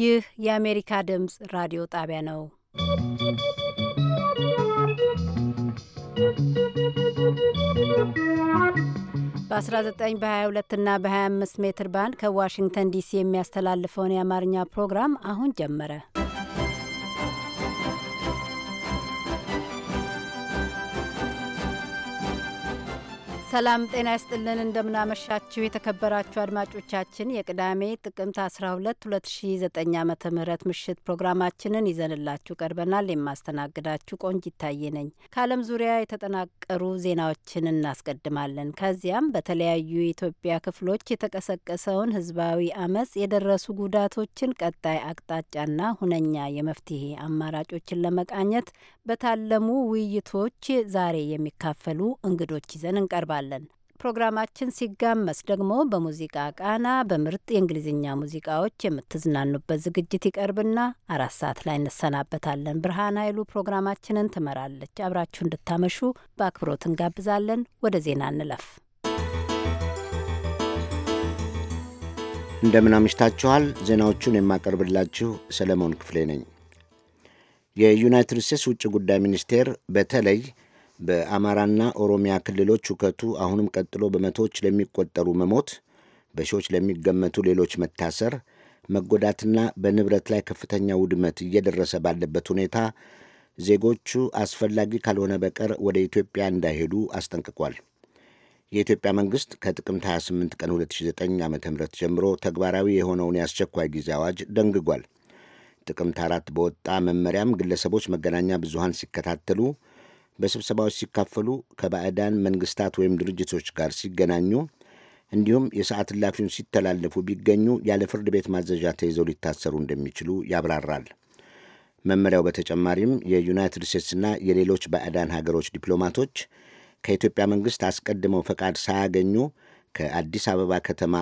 ይህ የአሜሪካ ድምፅ ራዲዮ ጣቢያ ነው። በ19 በ22 እና በ25 ሜትር ባንድ ከዋሽንግተን ዲሲ የሚያስተላልፈውን የአማርኛ ፕሮግራም አሁን ጀመረ። ሰላም ጤና ይስጥልን። እንደምናመሻችሁ የተከበራችሁ አድማጮቻችን የቅዳሜ ጥቅምት 12 2009 ዓ ም ምሽት ፕሮግራማችንን ይዘንላችሁ ቀርበናል። የማስተናግዳችሁ ቆንጅ ይታየ ነኝ። ከዓለም ዙሪያ የተጠናቀሩ ዜናዎችን እናስቀድማለን። ከዚያም በተለያዩ የኢትዮጵያ ክፍሎች የተቀሰቀሰውን ህዝባዊ አመጽ የደረሱ ጉዳቶችን ቀጣይ አቅጣጫና ሁነኛ የመፍትሄ አማራጮችን ለመቃኘት በታለሙ ውይይቶች ዛሬ የሚካፈሉ እንግዶች ይዘን እንቀርባለን። እንቀጥላለን። ፕሮግራማችን ሲጋመስ ደግሞ በሙዚቃ ቃና በምርጥ የእንግሊዝኛ ሙዚቃዎች የምትዝናኑበት ዝግጅት ይቀርብና አራት ሰዓት ላይ እንሰናበታለን። ብርሃን ኃይሉ ፕሮግራማችንን ትመራለች። አብራችሁ እንድታመሹ በአክብሮት እንጋብዛለን። ወደ ዜና እንለፍ። እንደምን አምሽታችኋል። ዜናዎቹን የማቀርብላችሁ ሰለሞን ክፍሌ ነኝ። የዩናይትድ ስቴትስ ውጭ ጉዳይ ሚኒስቴር በተለይ በአማራና ኦሮሚያ ክልሎች ሁከቱ አሁንም ቀጥሎ በመቶዎች ለሚቆጠሩ መሞት፣ በሺዎች ለሚገመቱ ሌሎች መታሰር፣ መጎዳትና በንብረት ላይ ከፍተኛ ውድመት እየደረሰ ባለበት ሁኔታ ዜጎቹ አስፈላጊ ካልሆነ በቀር ወደ ኢትዮጵያ እንዳይሄዱ አስጠንቅቋል። የኢትዮጵያ መንግሥት ከጥቅምት 28 ቀን 2009 ዓ ም ጀምሮ ተግባራዊ የሆነውን የአስቸኳይ ጊዜ አዋጅ ደንግጓል። ጥቅምት አራት በወጣ መመሪያም ግለሰቦች መገናኛ ብዙሃን ሲከታተሉ በስብሰባዎች ሲካፈሉ፣ ከባዕዳን መንግስታት ወይም ድርጅቶች ጋር ሲገናኙ፣ እንዲሁም የሰዓት እላፊውን ሲተላለፉ ቢገኙ ያለ ፍርድ ቤት ማዘዣ ተይዘው ሊታሰሩ እንደሚችሉ ያብራራል። መመሪያው በተጨማሪም የዩናይትድ ስቴትስና የሌሎች ባዕዳን ሀገሮች ዲፕሎማቶች ከኢትዮጵያ መንግሥት አስቀድመው ፈቃድ ሳያገኙ ከአዲስ አበባ ከተማ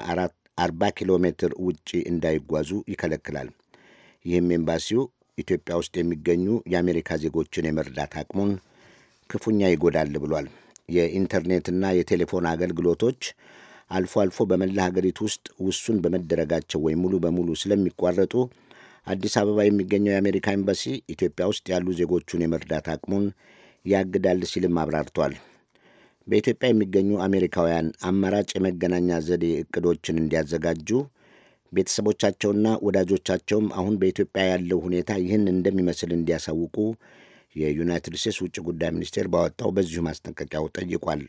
40 ኪሎ ሜትር ውጪ እንዳይጓዙ ይከለክላል። ይህም ኤምባሲው ኢትዮጵያ ውስጥ የሚገኙ የአሜሪካ ዜጎችን የመርዳት አቅሙን ክፉኛ ይጎዳል ብሏል። የኢንተርኔትና የቴሌፎን አገልግሎቶች አልፎ አልፎ በመላ ሀገሪቱ ውስጥ ውሱን በመደረጋቸው ወይም ሙሉ በሙሉ ስለሚቋረጡ አዲስ አበባ የሚገኘው የአሜሪካ ኤምባሲ ኢትዮጵያ ውስጥ ያሉ ዜጎቹን የመርዳት አቅሙን ያግዳል ሲልም አብራርቷል። በኢትዮጵያ የሚገኙ አሜሪካውያን አማራጭ የመገናኛ ዘዴ እቅዶችን እንዲያዘጋጁ ቤተሰቦቻቸውና ወዳጆቻቸውም አሁን በኢትዮጵያ ያለው ሁኔታ ይህን እንደሚመስል እንዲያሳውቁ የዩናይትድ ስቴትስ ውጭ ጉዳይ ሚኒስቴር ባወጣው በዚሁ ማስጠንቀቂያው ጠይቋል።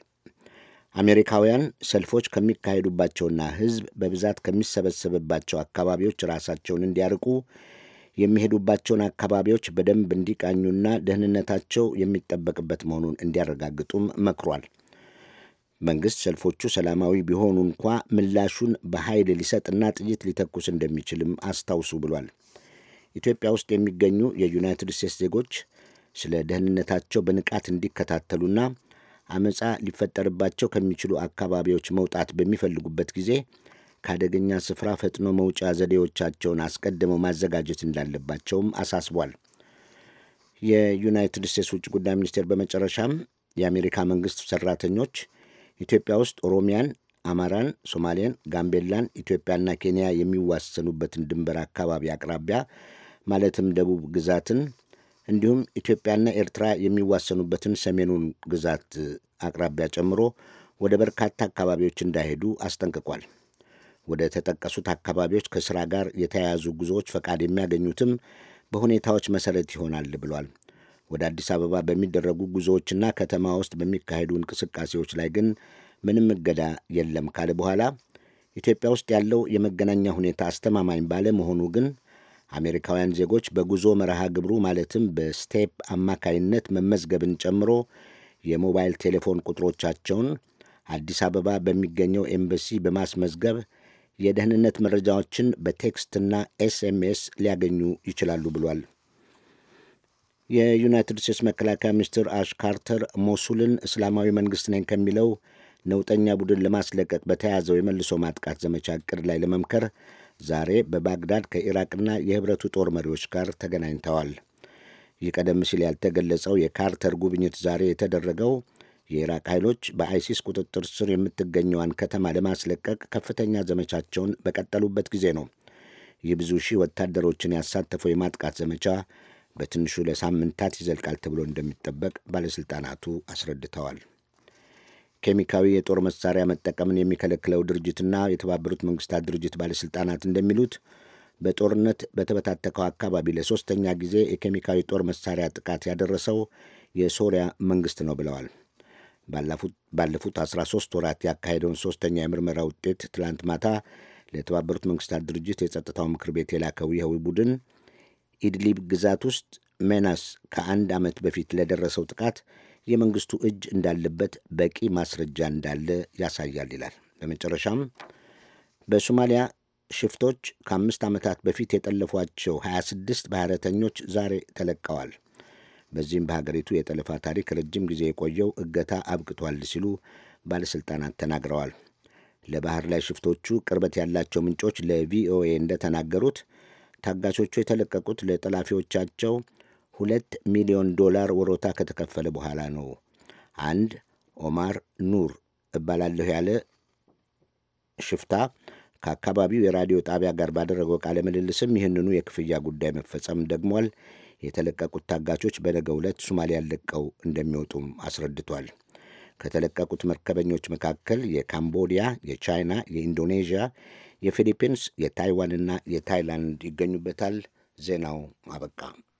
አሜሪካውያን ሰልፎች ከሚካሄዱባቸውና ሕዝብ በብዛት ከሚሰበሰብባቸው አካባቢዎች ራሳቸውን እንዲያርቁ የሚሄዱባቸውን አካባቢዎች በደንብ እንዲቃኙና ደህንነታቸው የሚጠበቅበት መሆኑን እንዲያረጋግጡም መክሯል። መንግሥት ሰልፎቹ ሰላማዊ ቢሆኑ እንኳ ምላሹን በኃይል ሊሰጥና ጥይት ሊተኩስ እንደሚችልም አስታውሱ ብሏል። ኢትዮጵያ ውስጥ የሚገኙ የዩናይትድ ስቴትስ ዜጎች ስለ ደህንነታቸው በንቃት እንዲከታተሉና አመፃ ሊፈጠርባቸው ከሚችሉ አካባቢዎች መውጣት በሚፈልጉበት ጊዜ ከአደገኛ ስፍራ ፈጥኖ መውጫ ዘዴዎቻቸውን አስቀድመው ማዘጋጀት እንዳለባቸውም አሳስቧል። የዩናይትድ ስቴትስ ውጭ ጉዳይ ሚኒስቴር በመጨረሻም የአሜሪካ መንግስት ሰራተኞች ኢትዮጵያ ውስጥ ኦሮሚያን፣ አማራን፣ ሶማሌን፣ ጋምቤላን፣ ኢትዮጵያና ኬንያ የሚዋሰኑበትን ድንበር አካባቢ አቅራቢያ ማለትም ደቡብ ግዛትን እንዲሁም ኢትዮጵያና ኤርትራ የሚዋሰኑበትን ሰሜኑን ግዛት አቅራቢያ ጨምሮ ወደ በርካታ አካባቢዎች እንዳይሄዱ አስጠንቅቋል። ወደ ተጠቀሱት አካባቢዎች ከሥራ ጋር የተያያዙ ጉዞዎች ፈቃድ የሚያገኙትም በሁኔታዎች መሠረት ይሆናል ብሏል። ወደ አዲስ አበባ በሚደረጉ ጉዞዎችና ከተማ ውስጥ በሚካሄዱ እንቅስቃሴዎች ላይ ግን ምንም እገዳ የለም ካለ በኋላ ኢትዮጵያ ውስጥ ያለው የመገናኛ ሁኔታ አስተማማኝ ባለመሆኑ ግን አሜሪካውያን ዜጎች በጉዞ መርሃ ግብሩ ማለትም በስቴፕ አማካይነት መመዝገብን ጨምሮ የሞባይል ቴሌፎን ቁጥሮቻቸውን አዲስ አበባ በሚገኘው ኤምበሲ በማስመዝገብ የደህንነት መረጃዎችን በቴክስትና ኤስኤምኤስ ሊያገኙ ይችላሉ ብሏል። የዩናይትድ ስቴትስ መከላከያ ሚኒስትር አሽ ካርተር ሞሱልን እስላማዊ መንግሥት ነኝ ከሚለው ነውጠኛ ቡድን ለማስለቀቅ በተያዘው የመልሶ ማጥቃት ዘመቻ ዕቅድ ላይ ለመምከር ዛሬ በባግዳድ ከኢራቅና የህብረቱ ጦር መሪዎች ጋር ተገናኝተዋል። ይህ ቀደም ሲል ያልተገለጸው የካርተር ጉብኝት ዛሬ የተደረገው የኢራቅ ኃይሎች በአይሲስ ቁጥጥር ስር የምትገኘዋን ከተማ ለማስለቀቅ ከፍተኛ ዘመቻቸውን በቀጠሉበት ጊዜ ነው። ብዙ ሺህ ወታደሮችን ያሳተፈው የማጥቃት ዘመቻ በትንሹ ለሳምንታት ይዘልቃል ተብሎ እንደሚጠበቅ ባለሥልጣናቱ አስረድተዋል። ኬሚካዊ የጦር መሳሪያ መጠቀምን የሚከለክለው ድርጅትና የተባበሩት መንግስታት ድርጅት ባለሥልጣናት እንደሚሉት በጦርነት በተበታተከው አካባቢ ለሦስተኛ ጊዜ የኬሚካዊ ጦር መሳሪያ ጥቃት ያደረሰው የሶሪያ መንግስት ነው ብለዋል። ባለፉት 13 ወራት ያካሄደውን ሦስተኛ የምርመራ ውጤት ትላንት ማታ ለተባበሩት መንግስታት ድርጅት የጸጥታው ምክር ቤት የላከው ይኸው ቡድን ኢድሊብ ግዛት ውስጥ ሜናስ ከአንድ ዓመት በፊት ለደረሰው ጥቃት የመንግስቱ እጅ እንዳለበት በቂ ማስረጃ እንዳለ ያሳያል ይላል። በመጨረሻም በሶማሊያ ሽፍቶች ከአምስት ዓመታት በፊት የጠለፏቸው 26 ባህረተኞች ዛሬ ተለቀዋል። በዚህም በሀገሪቱ የጠለፋ ታሪክ ረጅም ጊዜ የቆየው እገታ አብቅቷል ሲሉ ባለሥልጣናት ተናግረዋል። ለባህር ላይ ሽፍቶቹ ቅርበት ያላቸው ምንጮች ለቪኦኤ እንደተናገሩት ታጋቾቹ የተለቀቁት ለጠላፊዎቻቸው ሁለት ሚሊዮን ዶላር ወሮታ ከተከፈለ በኋላ ነው። አንድ ኦማር ኑር እባላለሁ ያለ ሽፍታ ከአካባቢው የራዲዮ ጣቢያ ጋር ባደረገው ቃለ ምልልስም ይህንኑ የክፍያ ጉዳይ መፈጸም ደግሟል። የተለቀቁት ታጋቾች በነገው ዕለት ሱማሊያን ለቀው እንደሚወጡም አስረድቷል። ከተለቀቁት መርከበኞች መካከል የካምቦዲያ፣ የቻይና፣ የኢንዶኔዥያ፣ የፊሊፒንስ፣ የታይዋንና የታይላንድ ይገኙበታል። ዜናው አበቃ።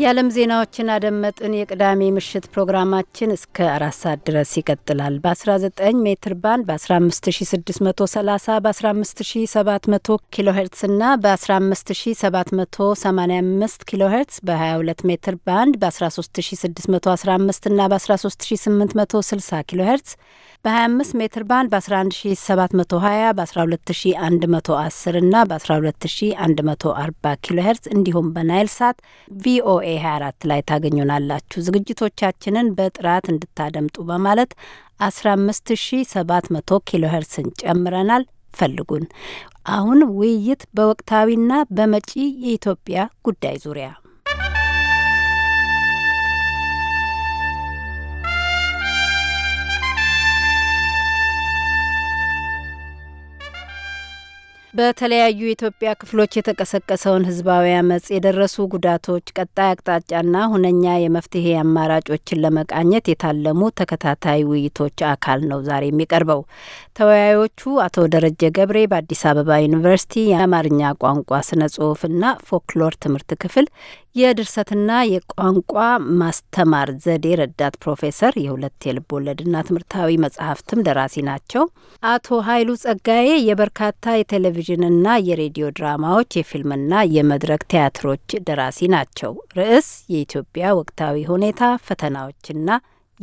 የዓለም ዜናዎችን አደመጥን። የቅዳሜ ምሽት ፕሮግራማችን እስከ አራት ሰዓት ድረስ ይቀጥላል። በ19 ሜትር ባንድ በ15630 በ15700 ኪሎ ሄርትስ እና በ15785 ኪሎ ሄርትስ በ22 ሜትር ባንድ በ13615 እና በ13860 ኪሎ ሄርትስ በ25 ሜትር ባንድ በ11720 በ12110 እና በ12140 ኪሎ ሄርትስ እንዲሁም በናይል ሳት ቪኦኤ 24 ላይ ታገኙናላችሁ። ዝግጅቶቻችንን በጥራት እንድታደምጡ በማለት 15700 ኪሎ ሄርትስን ጨምረናል። ፈልጉን። አሁን ውይይት በወቅታዊና በመጪ የኢትዮጵያ ጉዳይ ዙሪያ በተለያዩ የኢትዮጵያ ክፍሎች የተቀሰቀሰውን ህዝባዊ አመጽ የደረሱ ጉዳቶች፣ ቀጣይ አቅጣጫና ሁነኛ የመፍትሄ አማራጮችን ለመቃኘት የታለሙ ተከታታይ ውይይቶች አካል ነው ዛሬ የሚቀርበው። ተወያዮቹ አቶ ደረጀ ገብሬ በአዲስ አበባ ዩኒቨርሲቲ የአማርኛ ቋንቋ ስነ ጽሁፍና ፎክሎር ትምህርት ክፍል የድርሰትና የቋንቋ ማስተማር ዘዴ ረዳት ፕሮፌሰር፣ የሁለት የልብ ወለድና ትምህርታዊ መጽሐፍትም ደራሲ ናቸው። አቶ ኃይሉ ጸጋዬ የበርካታ የቴሌቪዥንና የሬዲዮ ድራማዎች የፊልምና የመድረክ ቲያትሮች ደራሲ ናቸው። ርዕስ የኢትዮጵያ ወቅታዊ ሁኔታ ፈተናዎችና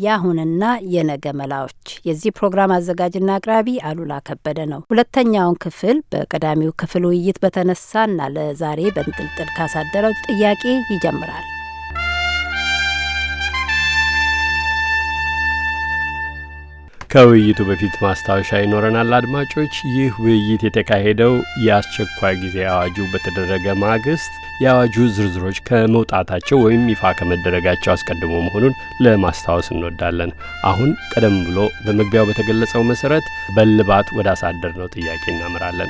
የአሁንና የነገ መላዎች። የዚህ ፕሮግራም አዘጋጅና አቅራቢ አሉላ ከበደ ነው። ሁለተኛውን ክፍል በቀዳሚው ክፍል ውይይት በተነሳና ለዛሬ በንጥልጥል ካሳደረው ጥያቄ ይጀምራል። ከውይይቱ በፊት ማስታወሻ ይኖረናል። አድማጮች፣ ይህ ውይይት የተካሄደው የአስቸኳይ ጊዜ አዋጁ በተደረገ ማግስት የአዋጁ ዝርዝሮች ከመውጣታቸው ወይም ይፋ ከመደረጋቸው አስቀድሞ መሆኑን ለማስታወስ እንወዳለን። አሁን ቀደም ብሎ በመግቢያው በተገለጸው መሰረት በልባት ወደ አሳደር ነው ጥያቄ እናመራለን።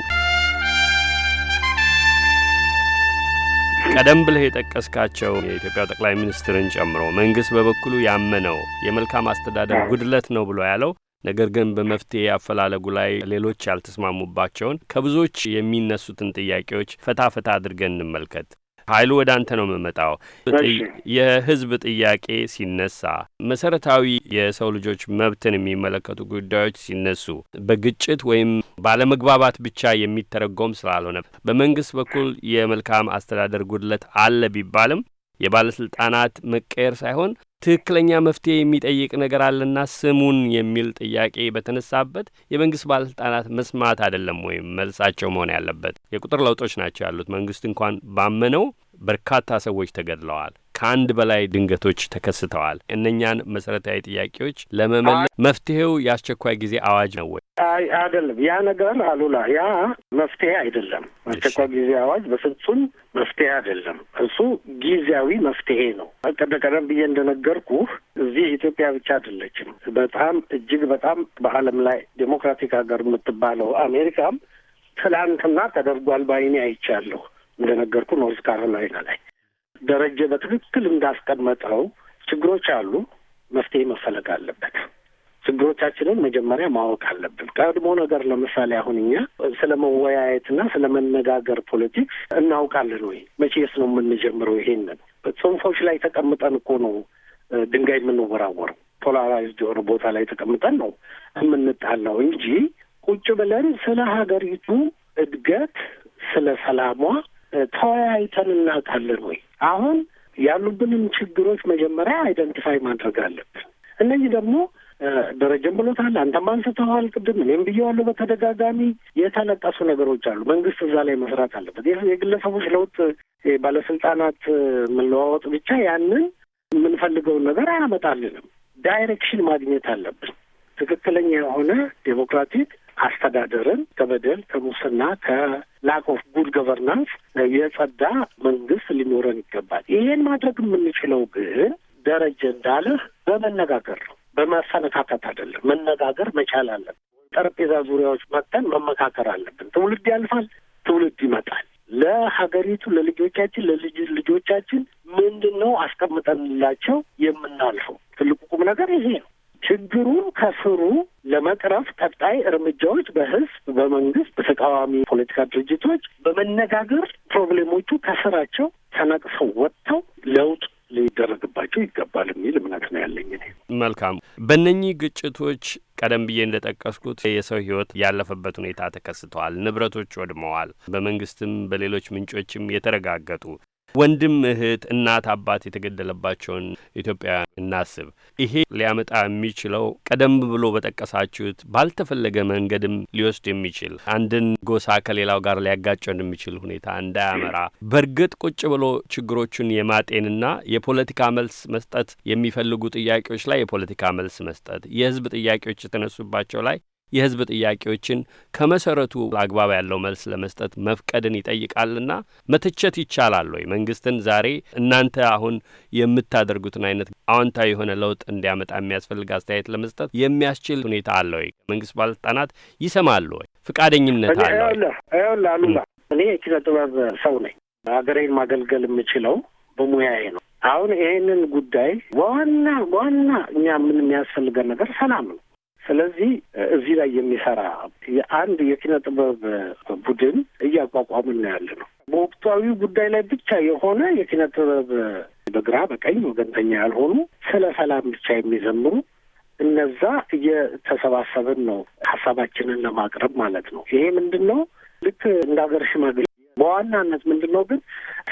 ቀደም ብለህ የጠቀስካቸው የኢትዮጵያ ጠቅላይ ሚኒስትርን ጨምሮ መንግስት በበኩሉ ያመነው የመልካም አስተዳደር ጉድለት ነው ብሎ ያለው ነገር ግን በመፍትሄ አፈላለጉ ላይ ሌሎች ያልተስማሙባቸውን ከብዙዎች የሚነሱትን ጥያቄዎች ፈታ ፈታ አድርገን እንመልከት። ኃይሉ ወደ አንተ ነው የምመጣው። የህዝብ ጥያቄ ሲነሳ መሰረታዊ የሰው ልጆች መብትን የሚመለከቱ ጉዳዮች ሲነሱ በግጭት ወይም ባለመግባባት ብቻ የሚተረጎም ስላልሆነ በመንግስት በኩል የመልካም አስተዳደር ጉድለት አለ ቢባልም የባለሥልጣናት መቀየር ሳይሆን ትክክለኛ መፍትሄ የሚጠይቅ ነገር አለና ስሙን የሚል ጥያቄ በተነሳበት የመንግስት ባለስልጣናት መስማት አይደለም ወይም መልሳቸው መሆን ያለበት። የቁጥር ለውጦች ናቸው ያሉት። መንግስት እንኳን ባመነው በርካታ ሰዎች ተገድለዋል። ከአንድ በላይ ድንገቶች ተከስተዋል። እነኛን መሰረታዊ ጥያቄዎች ለመመለስ መፍትሄው የአስቸኳይ ጊዜ አዋጅ ነው ወይ? አይ አይደለም። ያ ነገር አሉላ፣ ያ መፍትሄ አይደለም። አስቸኳይ ጊዜ አዋጅ በፍጹም መፍትሄ አይደለም። እሱ ጊዜያዊ መፍትሄ ነው። ቀደ ቀደም ብዬ እንደነገርኩ እዚህ ኢትዮጵያ ብቻ አይደለችም። በጣም እጅግ በጣም በዓለም ላይ ዴሞክራቲክ ሀገር የምትባለው አሜሪካም ትላንትና ተደርጓል። ባይኔ አይቻለሁ። እንደነገርኩ ኖርዝ ካሮላይና ላይ ደረጀ በትክክል እንዳስቀመጠው ችግሮች አሉ፣ መፍትሄ መፈለግ አለበት። ችግሮቻችንን መጀመሪያ ማወቅ አለብን። ቀድሞ ነገር ለምሳሌ አሁን እኛ ስለ መወያየትና ስለ መነጋገር ፖለቲክስ እናውቃለን ወይ? መቼስ ነው የምንጀምረው? ይሄንን ጽንፎች ላይ ተቀምጠን እኮ ነው ድንጋይ የምንወራወረው። ፖላራይዝድ የሆነ ቦታ ላይ ተቀምጠን ነው የምንጣላው እንጂ ቁጭ ብለን ስለ ሀገሪቱ እድገት ስለ ሰላሟ ተወያይተን እናውቃለን ወይ? አሁን ያሉብንን ችግሮች መጀመሪያ አይደንቲፋይ ማድረግ አለብን። እነዚህ ደግሞ ደረጀም ብሎታል፣ አንተም አንስተዋል ቅድም፣ እኔም ብየዋለሁ። በተደጋጋሚ የተለቀሱ ነገሮች አሉ። መንግስት እዛ ላይ መስራት አለበት። የግለሰቦች ለውጥ፣ ባለስልጣናት መለዋወጥ ብቻ ያንን የምንፈልገውን ነገር አያመጣልንም። ዳይሬክሽን ማግኘት አለብን። ትክክለኛ የሆነ ዴሞክራቲክ አስተዳደርን ከበደል ከሙስና ከላክ ኦፍ ጉድ ገቨርናንስ የጸዳ መንግስት ሊኖረን ይገባል። ይሄን ማድረግ የምንችለው ግን ደረጀ እንዳለህ በመነጋገር ነው፣ በማሰነካከት አይደለም። መነጋገር መቻል አለብን። ጠረጴዛ ዙሪያዎች መጥተን መመካከር አለብን። ትውልድ ያልፋል፣ ትውልድ ይመጣል። ለሀገሪቱ፣ ለልጆቻችን፣ ለልጅ ልጆቻችን ምንድን ነው አስቀምጠንላቸው የምናልፈው? ትልቁ ቁም ነገር ይሄ ነው። ችግሩን ከስሩ ለመቅረፍ ቀጣይ እርምጃዎች በህዝብ፣ በመንግስት፣ በተቃዋሚ ፖለቲካ ድርጅቶች በመነጋገር ፕሮብሌሞቹ ከስራቸው ተነቅሰው ወጥተው ለውጥ ሊደረግባቸው ይገባል የሚል እምነት ነው ያለኝ። መልካም። በእነኚህ ግጭቶች ቀደም ብዬ እንደጠቀስኩት የሰው ህይወት ያለፈበት ሁኔታ ተከስተዋል። ንብረቶች ወድመዋል። በመንግስትም በሌሎች ምንጮችም የተረጋገጡ ወንድም፣ እህት፣ እናት፣ አባት የተገደለባቸውን ኢትዮጵያውያን እናስብ። ይሄ ሊያመጣ የሚችለው ቀደም ብሎ በጠቀሳችሁት ባልተፈለገ መንገድም ሊወስድ የሚችል አንድን ጎሳ ከሌላው ጋር ሊያጋጨው እንደሚችል ሁኔታ እንዳያመራ በእርግጥ ቁጭ ብሎ ችግሮቹን የማጤንና የፖለቲካ መልስ መስጠት የሚፈልጉ ጥያቄዎች ላይ የፖለቲካ መልስ መስጠት፣ የህዝብ ጥያቄዎች የተነሱባቸው ላይ የህዝብ ጥያቄዎችን ከመሰረቱ አግባብ ያለው መልስ ለመስጠት መፍቀድን ይጠይቃልና መተቸት ይቻላል ወይ? መንግስትን ዛሬ እናንተ አሁን የምታደርጉትን አይነት አዎንታዊ የሆነ ለውጥ እንዲያመጣ የሚያስፈልግ አስተያየት ለመስጠት የሚያስችል ሁኔታ አለ ወይ? መንግስት ባለስልጣናት ይሰማሉ ወይ? ፍቃደኝነት አለ ወይ? እኔ የኪነ ጥበብ ሰው ነኝ። ሀገሬን ማገልገል የምችለው በሙያዬ ነው። አሁን ይሄንን ጉዳይ ዋና ዋና እኛ ምን የሚያስፈልገን ነገር ሰላም ነው። ስለዚህ እዚህ ላይ የሚሰራ አንድ የኪነ ጥበብ ቡድን እያቋቋሙ ያለ ነው። በወቅታዊ ጉዳይ ላይ ብቻ የሆነ የኪነ ጥበብ በግራ በቀኝ ወገንተኛ ያልሆኑ ስለ ሰላም ብቻ የሚዘምሩ እነዛ እየተሰባሰብን ነው ሀሳባችንን ለማቅረብ ማለት ነው። ይሄ ምንድን ነው ልክ እንደ ሀገር ሽማግሌ በዋናነት ምንድን ነው ግን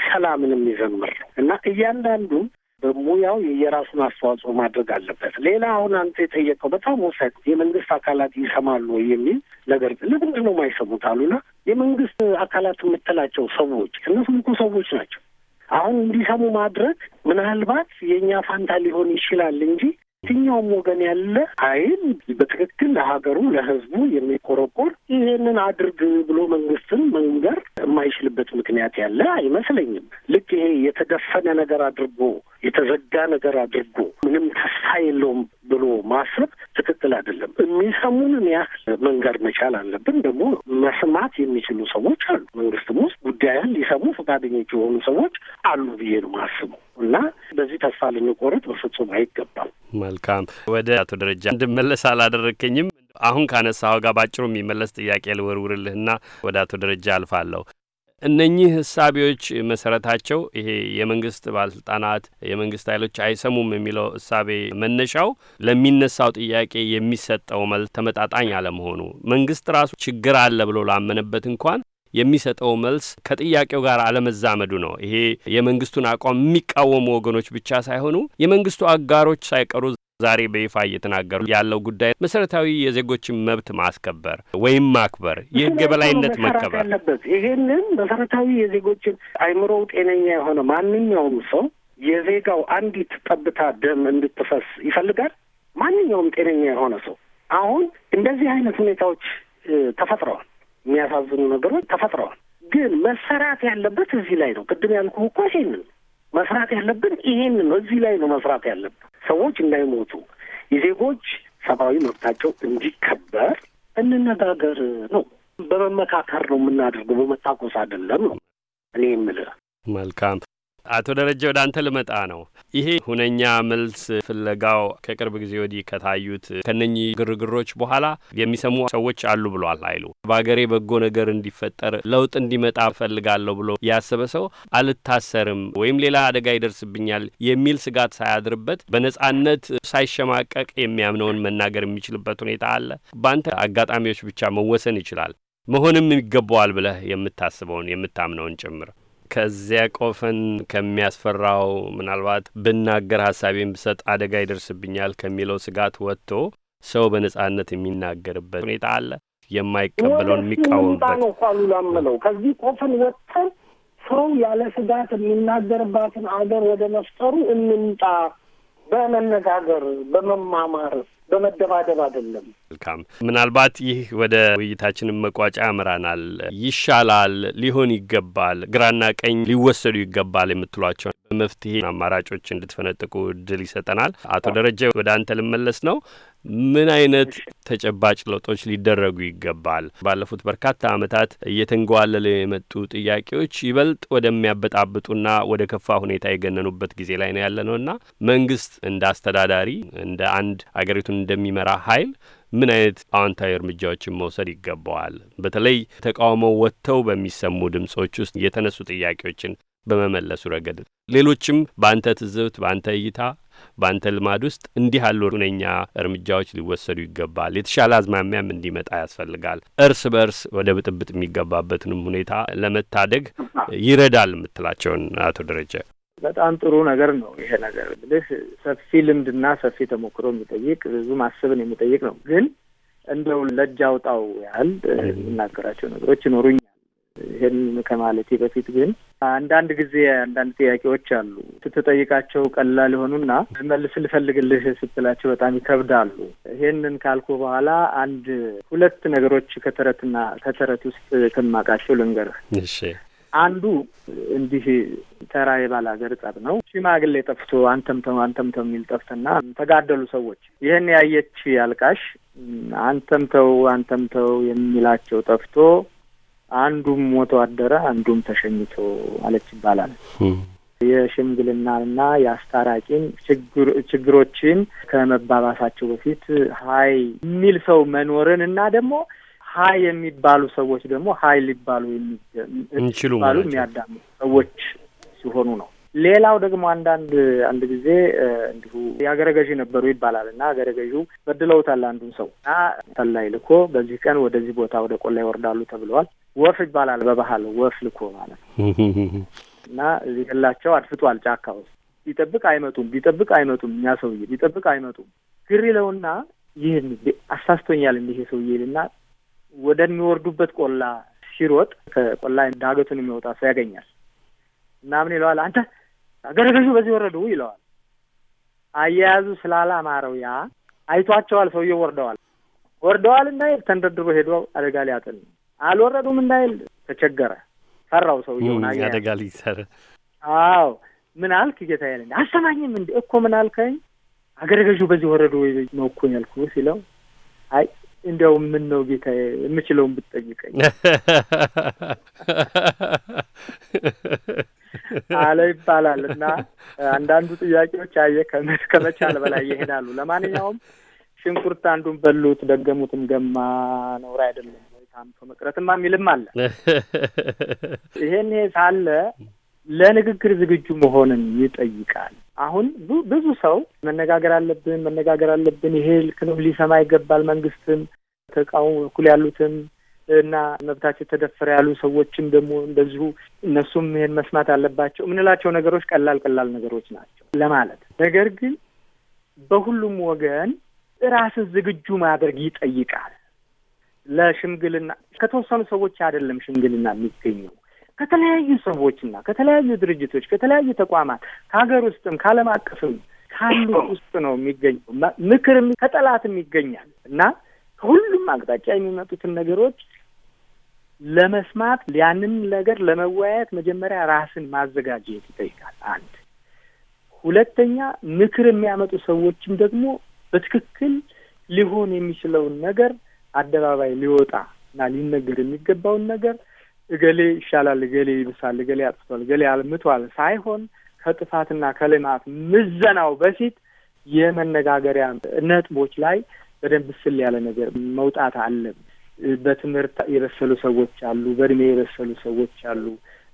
ሰላምን የሚዘምር ነው እና እያንዳንዱ በሙያው የራሱን አስተዋጽኦ ማድረግ አለበት። ሌላ አሁን አንተ የጠየቀው በጣም ወሳኝ የመንግስት አካላት ይሰማሉ የሚል ነገር ለምንድን ነው የማይሰሙት አሉና የመንግስት አካላት የምትላቸው ሰዎች እነሱም እኮ ሰዎች ናቸው። አሁን እንዲሰሙ ማድረግ ምናልባት የእኛ ፋንታ ሊሆን ይችላል እንጂ የትኛውም ወገን ያለ ኃይል በትክክል ለሀገሩ ለህዝቡ የሚቆረቆር ይሄንን አድርግ ብሎ መንግስትን መንገር የማይችልበት ምክንያት ያለ አይመስለኝም። ልክ ይሄ የተደፈነ ነገር አድርጎ የተዘጋ ነገር አድርጎ ምንም ተስፋ የለውም ብሎ ማሰብ ትክክል አይደለም። የሚሰሙንን ያህል መንገድ መቻል አለብን። ደግሞ መስማት የሚችሉ ሰዎች አሉ። መንግስትም ውስጥ ጉዳይን ሊሰሙ ፈቃደኞች የሆኑ ሰዎች አሉ ብዬ ነው የማስበው እና በዚህ ተስፋ ልንቆርጥ በፍጹም አይገባም። መልካም ወደ አቶ ደረጃ እንድመለስ አላደረከኝም። አሁን ካነሳኸው ጋር ባጭሩ የሚመለስ ጥያቄ ልወርውርልህና ወደ አቶ ደረጃ አልፋለሁ። እነኚህ እሳቤዎች መሰረታቸው ይሄ የመንግስት ባለስልጣናት የመንግስት ኃይሎች አይሰሙም የሚለው እሳቤ መነሻው ለሚነሳው ጥያቄ የሚሰጠው መልስ ተመጣጣኝ አለመሆኑ መንግስት ራሱ ችግር አለ ብሎ ላመነበት እንኳን የሚሰጠው መልስ ከጥያቄው ጋር አለመዛመዱ ነው። ይሄ የመንግስቱን አቋም የሚቃወሙ ወገኖች ብቻ ሳይሆኑ የመንግስቱ አጋሮች ሳይቀሩ ዛሬ በይፋ እየተናገሩ ያለው ጉዳይ መሰረታዊ የዜጎችን መብት ማስከበር ወይም ማክበር፣ ይህን የበላይነት መከበር አለበት። ይሄንን መሰረታዊ የዜጎችን አይምሮው ጤነኛ የሆነ ማንኛውም ሰው የዜጋው አንዲት ጠብታ ደም እንድትፈስ ይፈልጋል። ማንኛውም ጤነኛ የሆነ ሰው አሁን እንደዚህ አይነት ሁኔታዎች ተፈጥረዋል። የሚያሳዝኑ ነገሮች ተፈጥረዋል። ግን መሰራት ያለበት እዚህ ላይ ነው። ቅድም ያልኩህ እኮ ይሄንን መስራት ያለብን ይሄን ነው። እዚህ ላይ ነው መስራት ያለብን። ሰዎች እንዳይሞቱ፣ የዜጎች ሰብአዊ መብታቸው እንዲከበር እንነጋገር ነው። በመመካከር ነው የምናደርገው፣ በመታኮስ አይደለም ነው እኔ የምልህ። መልካም አቶ ደረጀ ወደ አንተ ልመጣ ነው። ይሄ ሁነኛ መልስ ፍለጋው ከቅርብ ጊዜ ወዲህ ከታዩት ከነኚህ ግርግሮች በኋላ የሚሰሙ ሰዎች አሉ ብሏል ኃይሉ። በሀገሬ በጎ ነገር እንዲፈጠር ለውጥ እንዲመጣ እፈልጋለሁ ብሎ ያሰበ ሰው አልታሰርም ወይም ሌላ አደጋ ይደርስብኛል የሚል ስጋት ሳያድርበት በነጻነት ሳይሸማቀቅ የሚያምነውን መናገር የሚችልበት ሁኔታ አለ። በአንተ አጋጣሚዎች ብቻ መወሰን ይችላል መሆንም ይገባዋል ብለህ የምታስበውን የምታምነውን ጭምር ከዚያ ቆፈን ከሚያስፈራው ምናልባት ብናገር ሀሳቤን ብሰጥ አደጋ ይደርስብኛል ከሚለው ስጋት ወጥቶ ሰው በነጻነት የሚናገርበት ሁኔታ አለ። የማይቀበለውን የሚቃወምበት ከዚህ ቆፈን ወጥተን ሰው ያለ ስጋት የሚናገርባትን አገር ወደ መፍጠሩ እንምጣ። በመነጋገር በመማማር በመደባደብ አይደለም። መልካም። ምናልባት ይህ ወደ ውይይታችንን መቋጫ ያምራናል። ይሻላል፣ ሊሆን ይገባል፣ ግራና ቀኝ ሊወሰዱ ይገባል የምትሏቸው መፍትሄ አማራጮች እንድትፈነጥቁ እድል ይሰጠናል። አቶ ደረጀ ወደ አንተ ልመለስ ነው። ምን አይነት ተጨባጭ ለውጦች ሊደረጉ ይገባል? ባለፉት በርካታ ዓመታት እየተንጓለለው የመጡ ጥያቄዎች ይበልጥ ወደሚያበጣብጡና ወደ ከፋ ሁኔታ የገነኑበት ጊዜ ላይ ነው ያለ ነውና መንግስት እንደ አስተዳዳሪ እንደ አንድ አገሪቱን እንደሚመራ ኃይል ምን አይነት አዎንታዊ እርምጃዎችን መውሰድ ይገባዋል? በተለይ ተቃውሞ ወጥተው በሚሰሙ ድምጾች ውስጥ የተነሱ ጥያቄዎችን በመመለሱ ረገድ ሌሎችም በአንተ ትዝብት፣ በአንተ እይታ በአንተ ልማድ ውስጥ እንዲህ ያሉ ሁነኛ እርምጃዎች ሊወሰዱ ይገባል፣ የተሻለ አዝማሚያም እንዲመጣ ያስፈልጋል፣ እርስ በእርስ ወደ ብጥብጥ የሚገባበትንም ሁኔታ ለመታደግ ይረዳል የምትላቸውን አቶ ደረጀ በጣም ጥሩ ነገር ነው። ይሄ ነገር እንግዲህ ሰፊ ልምድና ሰፊ ተሞክሮ የሚጠይቅ ብዙ ማሰብን የሚጠይቅ ነው። ግን እንደው ለእጅ አውጣው ያህል የምናገራቸው ነገሮች ይኖሩኛል። ይህን ከማለቴ በፊት ግን አንዳንድ ጊዜ አንዳንድ ጥያቄዎች አሉ ስትጠይቃቸው ቀላል የሆኑና መልስ ልፈልግልህ ስትላቸው በጣም ይከብዳሉ። ይህንን ካልኩ በኋላ አንድ ሁለት ነገሮች ከተረትና ከተረት ውስጥ ከማውቃቸው ልንገርህ። እሺ። አንዱ እንዲህ ተራ ሀገር ጠብ ነው። ሽማግሌ ጠፍቶ አንተምተው አንተምተው የሚል ጠፍትና ተጋደሉ ሰዎች። ይህን ያየች አልቃሽ አንተምተው አንተምተው የሚላቸው ጠፍቶ አንዱም ሞቶ አደረ፣ አንዱም ተሸኝቶ አለች ይባላል። የሽምግልናና የአስታራቂን ችግሮችን ከመባባሳቸው በፊት ሀይ የሚል ሰው መኖርን እና ደግሞ ሀይ የሚባሉ ሰዎች ደግሞ ሀይ ሊባሉ የሚባሉ የሚያዳሙ ሰዎች ሲሆኑ ነው። ሌላው ደግሞ አንዳንድ አንድ ጊዜ እንዲሁ የአገረ ገዢ ነበሩ ይባላል እና አገረ ገዢ በድለውታል አንዱን ሰው እና ሰላይ ልኮ በዚህ ቀን ወደዚህ ቦታ ወደ ቆላ ይወርዳሉ ተብለዋል። ወፍ ይባላል በባህል ወፍ ልኮ ማለት ነው እና እዚህ ገላቸው አድፍጧል ጫካ ውስጥ ቢጠብቅ አይመጡም፣ ቢጠብቅ አይመጡም፣ እኛ ሰውዬ ቢጠብቅ አይመጡም። ግር ይለውና ይህን አሳስቶኛል እንዲህ ሰውዬ ይልና ወደሚወርዱበት ቆላ ሲሮጥ ከቆላ ዳገቱን የሚወጣ ሰው ያገኛል እና ምን ይለዋል አንተ አገረ ገዡ በዚህ ወረዱ ይለዋል። አያያዙ ስላላማረው ያ አይቷቸዋል። ሰውየው ወርደዋል ወርደዋል እንዳይል ተንደርድሮ ሄዶ አደጋ ሊያጥን አልወረዱም እንዳይል ተቸገረ። ፈራው ሰውየውን አደጋ ሊሰር። አዎ ምን አልክ ጌታ ያለ አሰማኝም እንዲ እኮ ምን አልከኝ? አገረ ገዡ በዚህ ወረዱ ወይ ነው እኮ ያልኩ ሲለው አይ እንደው ምን ነው ጌታ የምችለውን ብትጠይቀኝ አለ ይባላል እና አንዳንዱ ጥያቄዎች አየ ከመቻል በላይ ይሄዳሉ። ለማንኛውም ሽንኩርት አንዱን በሉት ደገሙትም ገማ ነውር አይደለም ወይ ታምቶ መቅረትማ የሚልም አለ። ይሄን ሳለ ለንግግር ዝግጁ መሆንን ይጠይቃል። አሁን ብዙ ሰው መነጋገር አለብን መነጋገር አለብን ይሄ ልክ ነው ሊሰማ ይገባል መንግስትም ተቃውሞ እኩል ያሉትም እና መብታቸው ተደፈረ ያሉ ሰዎችም ደግሞ እንደዚሁ እነሱም ይሄን መስማት አለባቸው የምንላቸው ነገሮች ቀላል ቀላል ነገሮች ናቸው ለማለት ነገር ግን በሁሉም ወገን ራስን ዝግጁ ማድረግ ይጠይቃል። ለሽምግልና ከተወሰኑ ሰዎች አይደለም ሽምግልና የሚገኘው ከተለያዩ ሰዎችና ከተለያዩ ድርጅቶች፣ ከተለያዩ ተቋማት ከሀገር ውስጥም ከአለም አቀፍም ካሉ ውስጥ ነው የሚገኘው። ምክርም ከጠላትም ይገኛል እና ከሁሉም አቅጣጫ የሚመጡትን ነገሮች ለመስማት ያንን ነገር ለመወያየት መጀመሪያ ራስን ማዘጋጀት ይጠይቃል። አንድ ሁለተኛ፣ ምክር የሚያመጡ ሰዎችም ደግሞ በትክክል ሊሆን የሚችለውን ነገር አደባባይ ሊወጣ እና ሊነገር የሚገባውን ነገር እገሌ ይሻላል፣ እገሌ ይብሳል፣ እገሌ አጥፍቷል፣ እገሌ አልምቷል ሳይሆን ከጥፋትና ከልማት ምዘናው በፊት የመነጋገሪያ ነጥቦች ላይ በደንብ ስል ያለ ነገር መውጣት አለብን። በትምህርት የበሰሉ ሰዎች አሉ። በእድሜ የበሰሉ ሰዎች አሉ።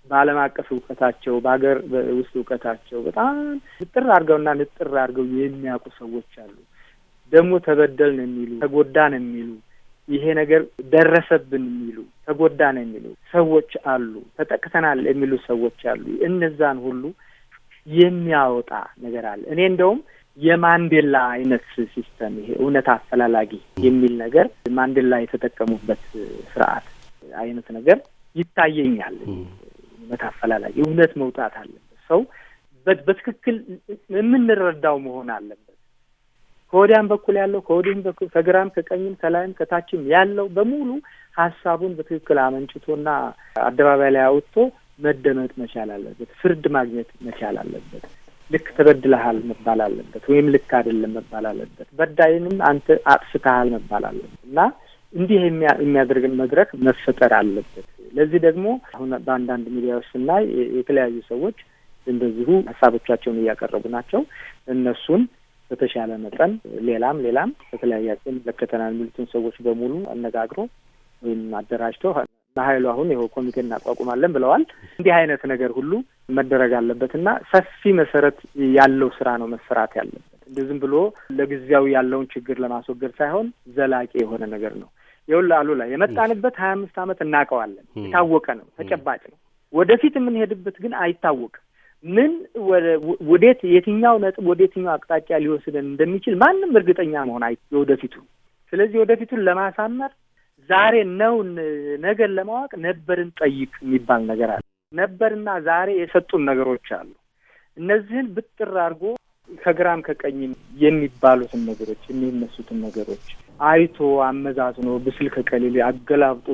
በዓለም አቀፍ እውቀታቸው በሀገር ውስጥ እውቀታቸው በጣም ንጥር አድርገውና ንጥር አድርገው የሚያውቁ ሰዎች አሉ። ደግሞ ተበደልን የሚሉ ተጎዳን የሚሉ ይሄ ነገር ደረሰብን የሚሉ ተጎዳን የሚሉ ሰዎች አሉ። ተጠቅተናል የሚሉ ሰዎች አሉ። እነዛን ሁሉ የሚያወጣ ነገር አለ። እኔ እንደውም የማንዴላ አይነት ሲስተም ይሄ እውነት አፈላላጊ የሚል ነገር ማንዴላ የተጠቀሙበት ስርዓት አይነት ነገር ይታየኛል። እውነት አፈላላጊ እውነት መውጣት አለበት። ሰው በትክክል የምንረዳው መሆን አለበት። ከወዲያም በኩል ያለው ከወዲህም በኩል ከግራም ከቀኝም ከላይም ከታችም ያለው በሙሉ ሀሳቡን በትክክል አመንጭቶና አደባባይ ላይ አውጥቶ መደመጥ መቻል አለበት። ፍርድ ማግኘት መቻል አለበት። ልክ ተበድለሃል መባል አለበት ወይም ልክ አይደለም መባል አለበት። በዳይንም አንተ አጥፍተሃል መባል አለበት እና እንዲህ የሚያደርግ መድረክ መፈጠር አለበት። ለዚህ ደግሞ አሁን በአንዳንድ ሚዲያዎች ስናይ የተለያዩ ሰዎች እንደዚሁ ሀሳቦቻቸውን እያቀረቡ ናቸው። እነሱን በተሻለ መጠን ሌላም ሌላም በተለያያቸው መለከተናል የሚሉትን ሰዎች በሙሉ አነጋግሮ ወይም አደራጅቶ እና ሀይሉ አሁን ይኸው ኮሚቴ እናቋቁማለን ብለዋል። እንዲህ አይነት ነገር ሁሉ መደረግ አለበት እና ሰፊ መሰረት ያለው ስራ ነው መሰራት ያለበት። እንደ ዝም ብሎ ለጊዜያዊ ያለውን ችግር ለማስወገድ ሳይሆን ዘላቂ የሆነ ነገር ነው። ይኸውልህ አሉላ የመጣንበት ሀያ አምስት ዓመት እናውቀዋለን። የታወቀ ነው፣ ተጨባጭ ነው። ወደፊት የምንሄድበት ግን አይታወቅም። ምን ወዴት የትኛው ነጥብ ወደ የትኛው አቅጣጫ ሊወስደን እንደሚችል ማንም እርግጠኛ መሆን አይ የወደፊቱ ስለዚህ ወደፊቱን ለማሳመር ዛሬ ነው ነገር ለማወቅ ነበርን ጠይቅ የሚባል ነገር አለ። ነበርና ዛሬ የሰጡን ነገሮች አሉ። እነዚህን ብጥር አድርጎ ከግራም ከቀኝም የሚባሉትን ነገሮች የሚነሱትን ነገሮች አይቶ አመዛዝኖ ብስል ከቀሌል አገላብጦ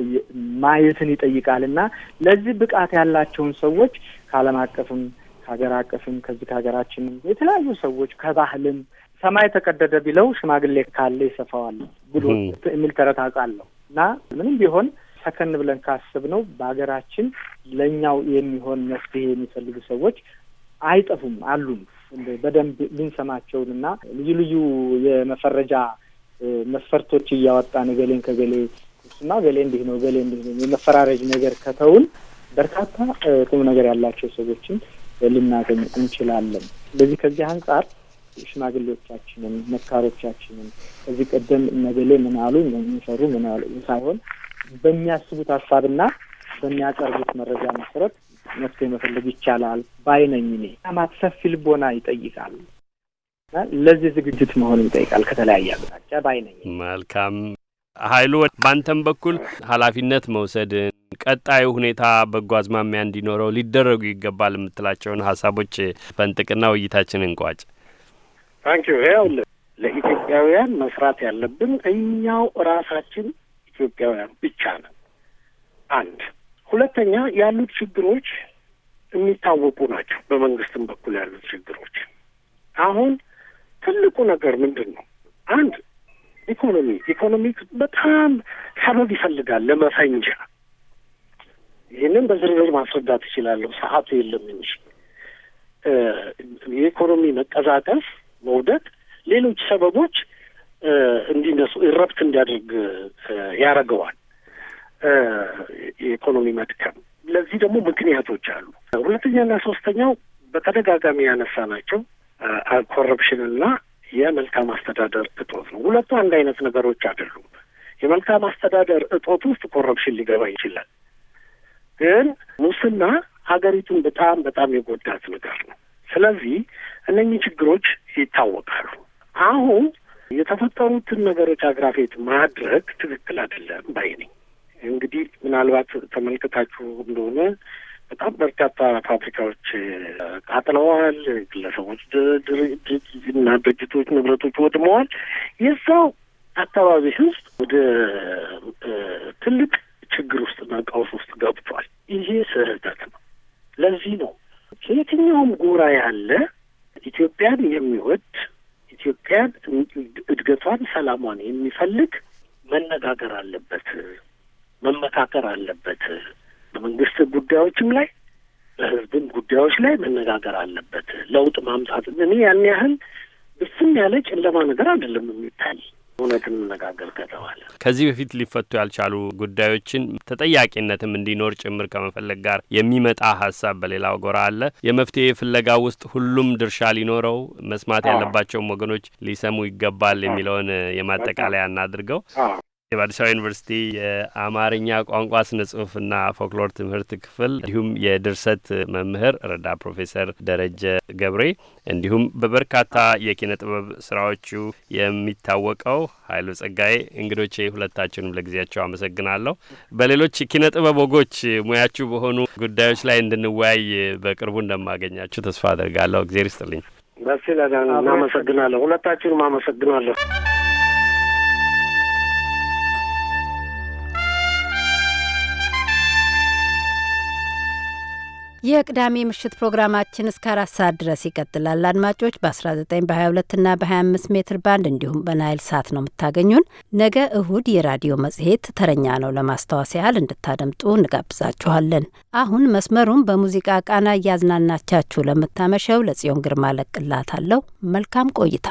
ማየትን ይጠይቃል እና ለዚህ ብቃት ያላቸውን ሰዎች ከዓለም አቀፍም ከሀገር አቀፍም ከዚህ ከሀገራችንም የተለያዩ ሰዎች ከባህልም ሰማይ ተቀደደ ቢለው ሽማግሌ ካለ ይሰፋዋል ብሎ የሚል ተረት አውቃለሁ። እና ምንም ቢሆን ሰከን ብለን ካሰብነው በሀገራችን ለእኛው የሚሆን መፍትሄ የሚፈልጉ ሰዎች አይጠፉም፣ አሉም በደንብ ልንሰማቸውን እና ልዩ ልዩ የመፈረጃ መስፈርቶች እያወጣን ገሌን ከገሌ እሱማ ገሌ እንዲህ ነው ገሌ እንዲህ ነው የመፈራረጅ ነገር ከተውን በርካታ ቁም ነገር ያላቸው ሰዎችን ልናገኝ እንችላለን። ስለዚህ ከዚህ አንጻር ሽማግሌዎቻችንን፣ መካሮቻችንን ከዚህ ቀደም እነገሌ ምን አሉ የሚሰሩ ምን አሉ ሳይሆን በሚያስቡት ሀሳብና በሚያቀርቡት መረጃ መሰረት መፍትሄ መፈለግ ይቻላል ባይነኝ እኔ ማት ሰፊ ልቦና ይጠይቃል። ለዚህ ዝግጅት መሆኑን ይጠይቃል ከተለያየ አቅጣጫ ባይነኝ። መልካም ሀይሉ፣ ባንተም በኩል ኃላፊነት መውሰድን ቀጣዩ ሁኔታ በጎ አዝማሚያ እንዲኖረው ሊደረጉ ይገባል የምትላቸውን ሀሳቦች ፈንጥቅና ውይይታችን እንቋጭ። ታንኪ ይኸውልህ ለኢትዮጵያውያን መስራት ያለብን እኛው ራሳችን ኢትዮጵያውያን ብቻ ነን። አንድ ሁለተኛ ያሉት ችግሮች የሚታወቁ ናቸው። በመንግስትም በኩል ያሉት ችግሮች አሁን ትልቁ ነገር ምንድን ነው? አንድ ኢኮኖሚ ኢኮኖሚ በጣም ሰበብ ይፈልጋል ለመፈንጃ። ይህንን በዝርዝር ማስረዳት እችላለሁ፣ ሰዓቱ የለም እንጂ የኢኮኖሚ መቀዛቀስ መውደቅ፣ ሌሎች ሰበቦች እንዲነሱ ረብት እንዲያደርግ ያደርገዋል። የኢኮኖሚ መድከም ለዚህ ደግሞ ምክንያቶች አሉ። ሁለተኛና ሶስተኛው በተደጋጋሚ ያነሳ ናቸው ኮረፕሽንና የመልካም አስተዳደር እጦት ነው። ሁለቱ አንድ አይነት ነገሮች አይደሉም። የመልካም አስተዳደር እጦት ውስጥ ኮረፕሽን ሊገባ ይችላል። ግን ሙስና ሀገሪቱን በጣም በጣም የጎዳት ነገር ነው። ስለዚህ እነኚህ ችግሮች ይታወቃሉ። አሁን የተፈጠሩትን ነገሮች አግራፌት ማድረግ ትክክል አይደለም ባይ ነኝ። እንግዲህ ምናልባት ተመልከታችሁ እንደሆነ በጣም በርካታ ፋብሪካዎች ቃጥለዋል። ግለሰቦች ድርጅት እና ድርጅቶች ንብረቶች ወድመዋል። የዛው አካባቢ ህዝብ ወደ ትልቅ ችግር ውስጥና ቀውስ ውስጥ ገብቷል። ይሄ ስህተት ነው። ለዚህ ነው ከየትኛውም ጎራ ያለ ኢትዮጵያን የሚወድ ኢትዮጵያን እድገቷን፣ ሰላሟን የሚፈልግ መነጋገር አለበት፣ መመካከር አለበት። በመንግስት ጉዳዮችም ላይ በህዝብም ጉዳዮች ላይ መነጋገር አለበት። ለውጥ ማምጣት እኔ ያን ያህል ብስም ያለ ጨለማ ነገር አይደለም የሚታይ እውነት እንነጋገር ከተባለ ከዚህ በፊት ሊፈቱ ያልቻሉ ጉዳዮችን ተጠያቂነትም እንዲኖር ጭምር ከመፈለግ ጋር የሚመጣ ሀሳብ በሌላው ጎራ አለ። የመፍትሄ ፍለጋ ውስጥ ሁሉም ድርሻ ሊኖረው መስማት ያለባቸውም ወገኖች ሊሰሙ ይገባል የሚለውን የማጠቃለያ እናድርገው። የአዲስ አበባ ዩኒቨርሲቲ የአማርኛ ቋንቋ ስነ ጽሁፍና ፎክሎር ትምህርት ክፍል እንዲሁም የድርሰት መምህር ረዳ ፕሮፌሰር ደረጀ ገብሬ እንዲሁም በበርካታ የኪነ ጥበብ ስራዎቹ የሚታወቀው ኃይሉ ጸጋዬ እንግዶቼ ሁለታችሁንም ለጊዜያቸው አመሰግናለሁ። በሌሎች ኪነ ጥበብ ወጎች ሙያችሁ በሆኑ ጉዳዮች ላይ እንድንወያይ በቅርቡ እንደማገኛችሁ ተስፋ አድርጋለሁ። እግዜር ይስጥልኝ። በስለዳ እናመሰግናለሁ። ሁለታችሁንም አመሰግናለሁ። የቅዳሜ ምሽት ፕሮግራማችን እስከ አራት ሰዓት ድረስ ይቀጥላል። አድማጮች በ19 በ22ና በ25 ሜትር ባንድ እንዲሁም በናይል ሳት ነው የምታገኙን። ነገ እሁድ የራዲዮ መጽሔት ተረኛ ነው ለማስታወስ ያህል እንድታደምጡ እንጋብዛችኋለን። አሁን መስመሩን በሙዚቃ ቃና እያዝናናቻችሁ ለምታመሸው ለጽዮን ግርማ ለቅላት አለው። መልካም ቆይታ።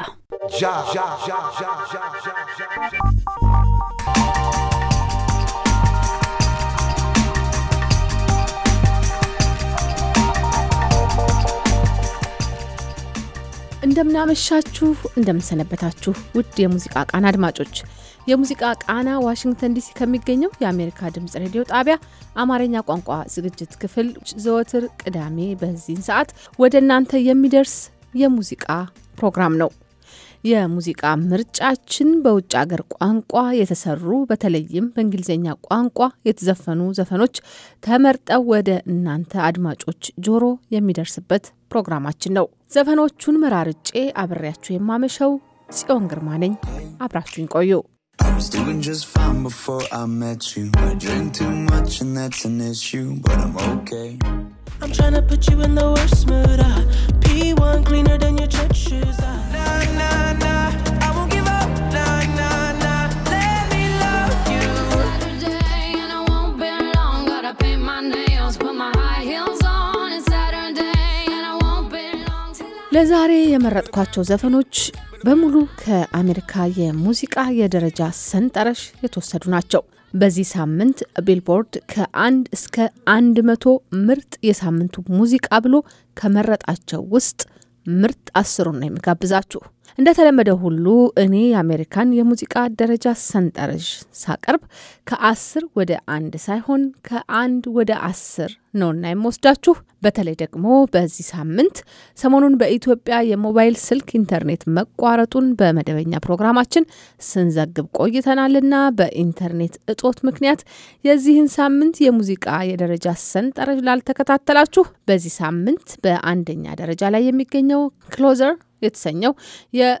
እንደምናመሻችሁ፣ እንደምንሰነበታችሁ ውድ የሙዚቃ ቃና አድማጮች የሙዚቃ ቃና ዋሽንግተን ዲሲ ከሚገኘው የአሜሪካ ድምፅ ሬዲዮ ጣቢያ አማርኛ ቋንቋ ዝግጅት ክፍል ዘወትር ቅዳሜ በዚህን ሰዓት ወደ እናንተ የሚደርስ የሙዚቃ ፕሮግራም ነው። የሙዚቃ ምርጫችን በውጭ አገር ቋንቋ የተሰሩ በተለይም በእንግሊዝኛ ቋንቋ የተዘፈኑ ዘፈኖች ተመርጠው ወደ እናንተ አድማጮች ጆሮ የሚደርስበት ፕሮግራማችን ነው። ዘፈኖቹን መራርጬ አብሬያችሁ የማመሸው ጽዮን ግርማ ነኝ። አብራችሁኝ ቆዩ። I was doing just fine before I met you. I drink too much and that's an issue, but I'm okay. I'm trying to put you in the worst mood. I P1 cleaner than your church shoes. I ለዛሬ የመረጥኳቸው ዘፈኖች በሙሉ ከአሜሪካ የሙዚቃ የደረጃ ሰንጠረዥ የተወሰዱ ናቸው። በዚህ ሳምንት ቢልቦርድ ከአንድ እስከ አንድ መቶ ምርጥ የሳምንቱ ሙዚቃ ብሎ ከመረጣቸው ውስጥ ምርጥ አስሩን ነው የሚጋብዛችሁ። እንደተለመደ ሁሉ እኔ የአሜሪካን የሙዚቃ ደረጃ ሰንጠረዥ ሳቀርብ ከአስር ወደ አንድ ሳይሆን ከአንድ ወደ አስር ነውና የምወስዳችሁ። በተለይ ደግሞ በዚህ ሳምንት ሰሞኑን በኢትዮጵያ የሞባይል ስልክ ኢንተርኔት መቋረጡን በመደበኛ ፕሮግራማችን ስንዘግብ ቆይተናልና በኢንተርኔት እጦት ምክንያት የዚህን ሳምንት የሙዚቃ የደረጃ ሰንጠረዥ ላልተከታተላችሁ በዚህ ሳምንት በአንደኛ ደረጃ ላይ የሚገኘው ክሎዘር የተሰኘው የ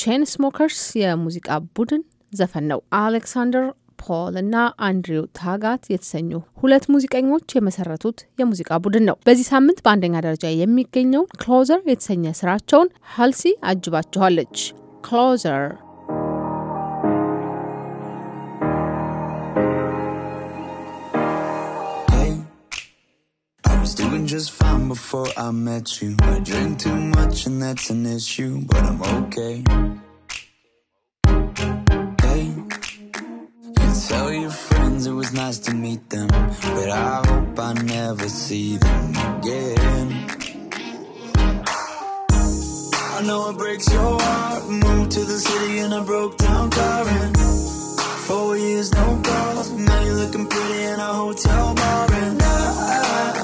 ቼን ስሞከርስ የሙዚቃ ቡድን ዘፈን ነው። አሌክሳንደር ፖል እና አንድሪው ታጋት የተሰኙ ሁለት ሙዚቀኞች የመሰረቱት የሙዚቃ ቡድን ነው። በዚህ ሳምንት በአንደኛ ደረጃ የሚገኘውን ክሎዘር የተሰኘ ስራቸውን ሀልሲ አጅባችኋለች። ክሎዘር Doing just fine before I met you. I drink too much and that's an issue, but I'm okay. all your friends, it was nice to meet them. But I hope I never see them again. I know it breaks your heart. Moved to the city in a broke down car. And four years, no calls. Now you're looking pretty in a hotel bar. And I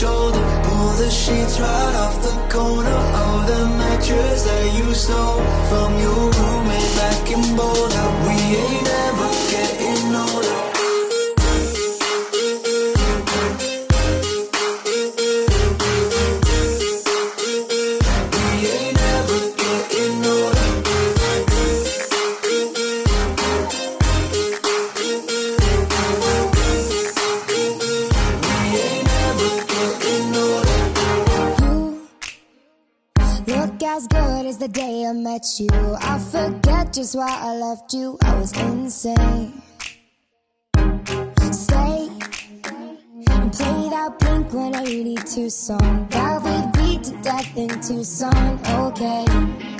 shoulder Pull the sheets right off the corner Of the mattress that you stole From your roommate back in is why I left you. I was insane. Stay and play that Blink 182 song that we beat to death in Tucson. Okay.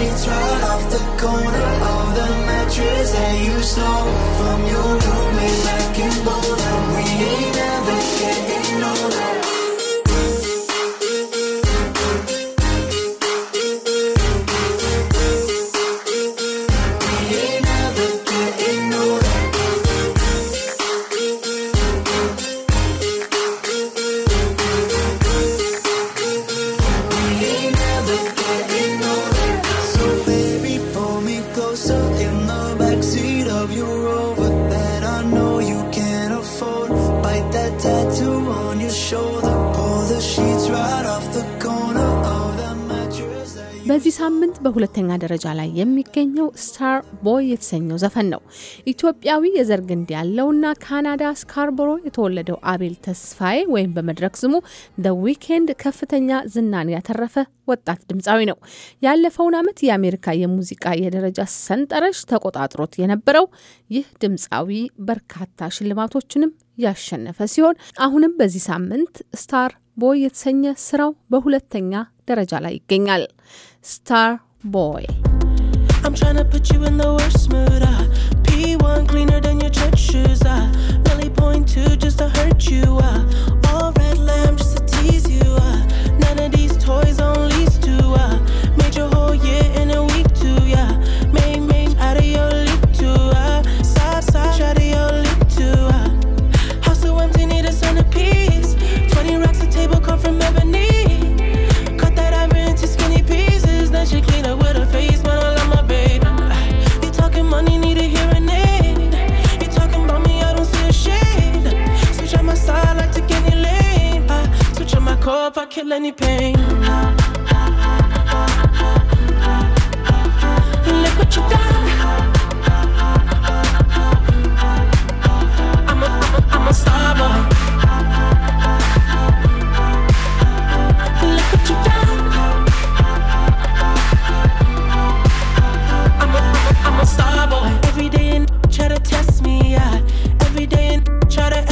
sheets right off the corner of the mattress that you stole from your roommate back in Boulder. በዚህ ሳምንት በሁለተኛ ደረጃ ላይ የሚገኘው ስታር ቦይ የተሰኘው ዘፈን ነው። ኢትዮጵያዊ የዘር ግንድ ያለውና ካናዳ ስካርቦሮ የተወለደው አቤል ተስፋዬ ወይም በመድረክ ስሙ ደ ዊኬንድ ከፍተኛ ዝናን ያተረፈ ወጣት ድምፃዊ ነው። ያለፈውን ዓመት የአሜሪካ የሙዚቃ የደረጃ ሰንጠረዥ ተቆጣጥሮት የነበረው ይህ ድምፃዊ በርካታ ሽልማቶችንም ያሸነፈ ሲሆን አሁንም በዚህ ሳምንት ስታር ቦይ የተሰኘ ስራው በሁለተኛ ደረጃ ላይ ይገኛል። Star Boy. I'm trying to put you in the worst mood. Uh. P1 cleaner than your church shoes. Uh. Really point to just to hurt you. Uh. love, I kill any pain. Look what you done. I'm a, I'm a star boy. Look what you done. I'm a, I'm a, I'm a star boy. Every day and try to test me, yeah. Every day and try to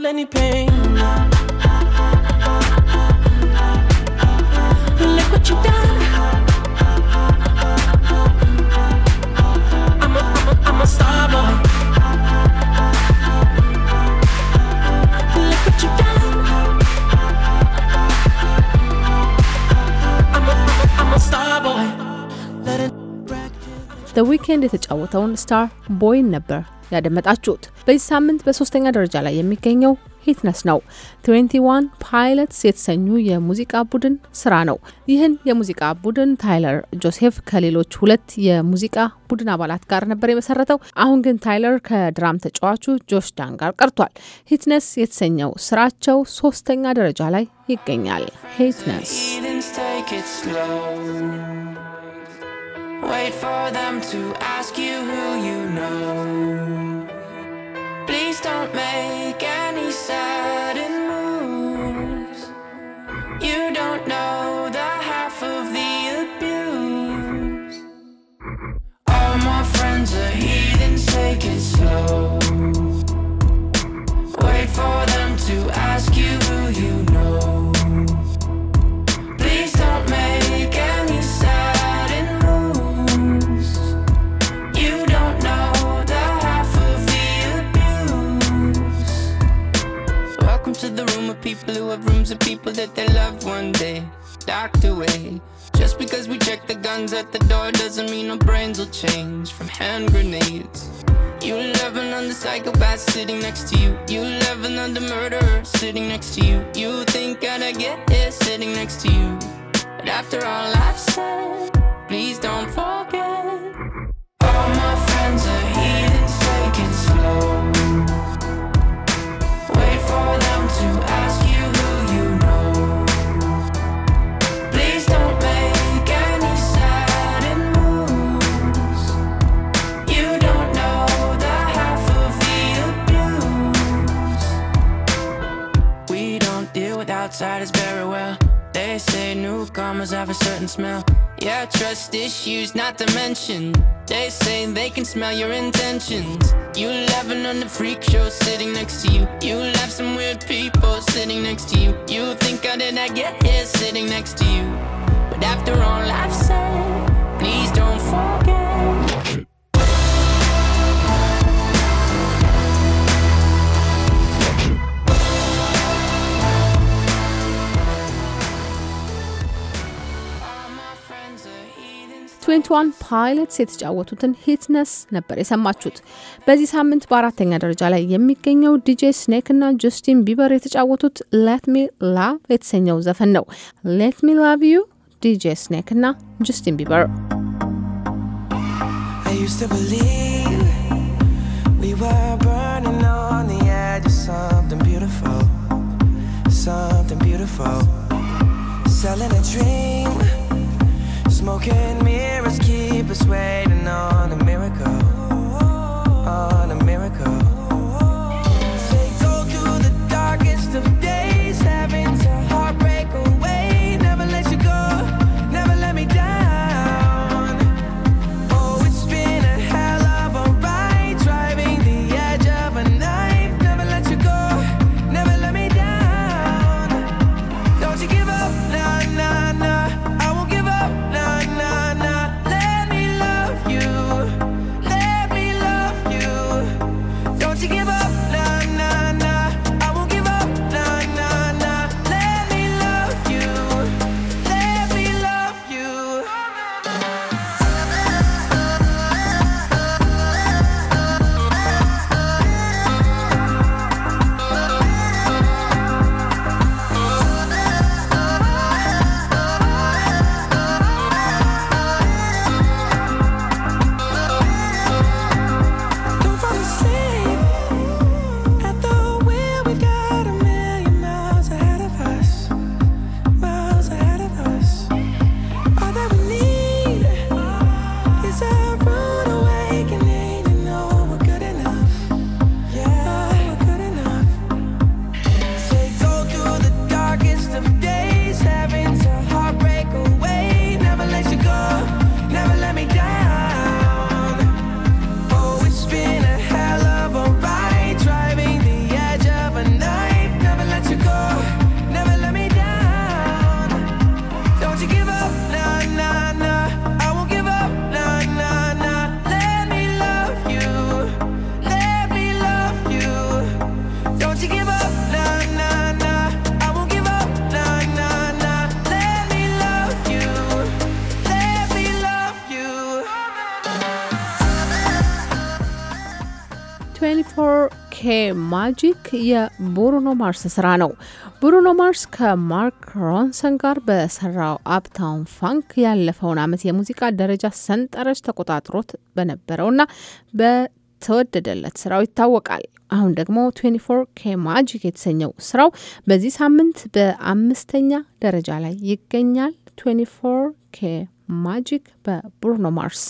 feel any pain. Look what you done. I'm a, I'm a, I'm a star boy. a star boy. number. ያደመጣችሁት። በዚህ ሳምንት በሶስተኛ ደረጃ ላይ የሚገኘው ሂትነስ ነው። 21 ፓይለትስ የተሰኙ የሙዚቃ ቡድን ስራ ነው። ይህን የሙዚቃ ቡድን ታይለር ጆሴፍ ከሌሎች ሁለት የሙዚቃ ቡድን አባላት ጋር ነበር የመሰረተው። አሁን ግን ታይለር ከድራም ተጫዋቹ ጆሽ ዳን ጋር ቀርቷል። ሂትነስ የተሰኘው ስራቸው ሶስተኛ ደረጃ ላይ ይገኛል። ሂትነስ Wait for them to ask you who you know. Please don't make any sudden moves. You don't know the half of the abuse. All my friends are heathens, take it slow. Wait for them to ask you. people who have rooms of people that they love one day docked away. Just because we check the guns at the door doesn't mean our brains will change from hand grenades. You love another psychopath sitting next to you. You love another murderer sitting next to you. You think I'd get here sitting next to you. But after all I've said, please don't forget. All my friends outside is very well. They say newcomers have a certain smell. Yeah, trust issues not to mention. They say they can smell your intentions. You laughing on the freak show sitting next to you. You laugh some weird people sitting next to you. You think I did I get here sitting next to you? But after all I've said, please don't forget. ትዌንቲ ፓይለትስ የተጫወቱትን ሂትነስ ነበር የሰማችሁት። በዚህ ሳምንት በአራተኛ ደረጃ ላይ የሚገኘው ዲጄ ስኔክ እና ጀስቲን ቢበር የተጫወቱት ሌት ሚ ላቭ የተሰኘው ዘፈን ነው። ሌት ሚ ላቭ ዩ ዲጄ ስኔክ እና ጀስቲን ቢበር Selling a dream Smoking mirrors keep us waiting on a miracle ፎር ኬ ማጂክ የብሩኖ ማርስ ስራ ነው። ብሩኖ ማርስ ከማርክ ሮንሰን ጋር በሰራው አፕታውን ፋንክ ያለፈውን ዓመት የሙዚቃ ደረጃ ሰንጠረዥ ተቆጣጥሮት በነበረውና በተወደደለት ስራው ይታወቃል። አሁን ደግሞ 24 ኬ ማጂክ የተሰኘው ስራው በዚህ ሳምንት በአምስተኛ ደረጃ ላይ ይገኛል። 24 ኬ ማጂክ በብሩኖ ማርስ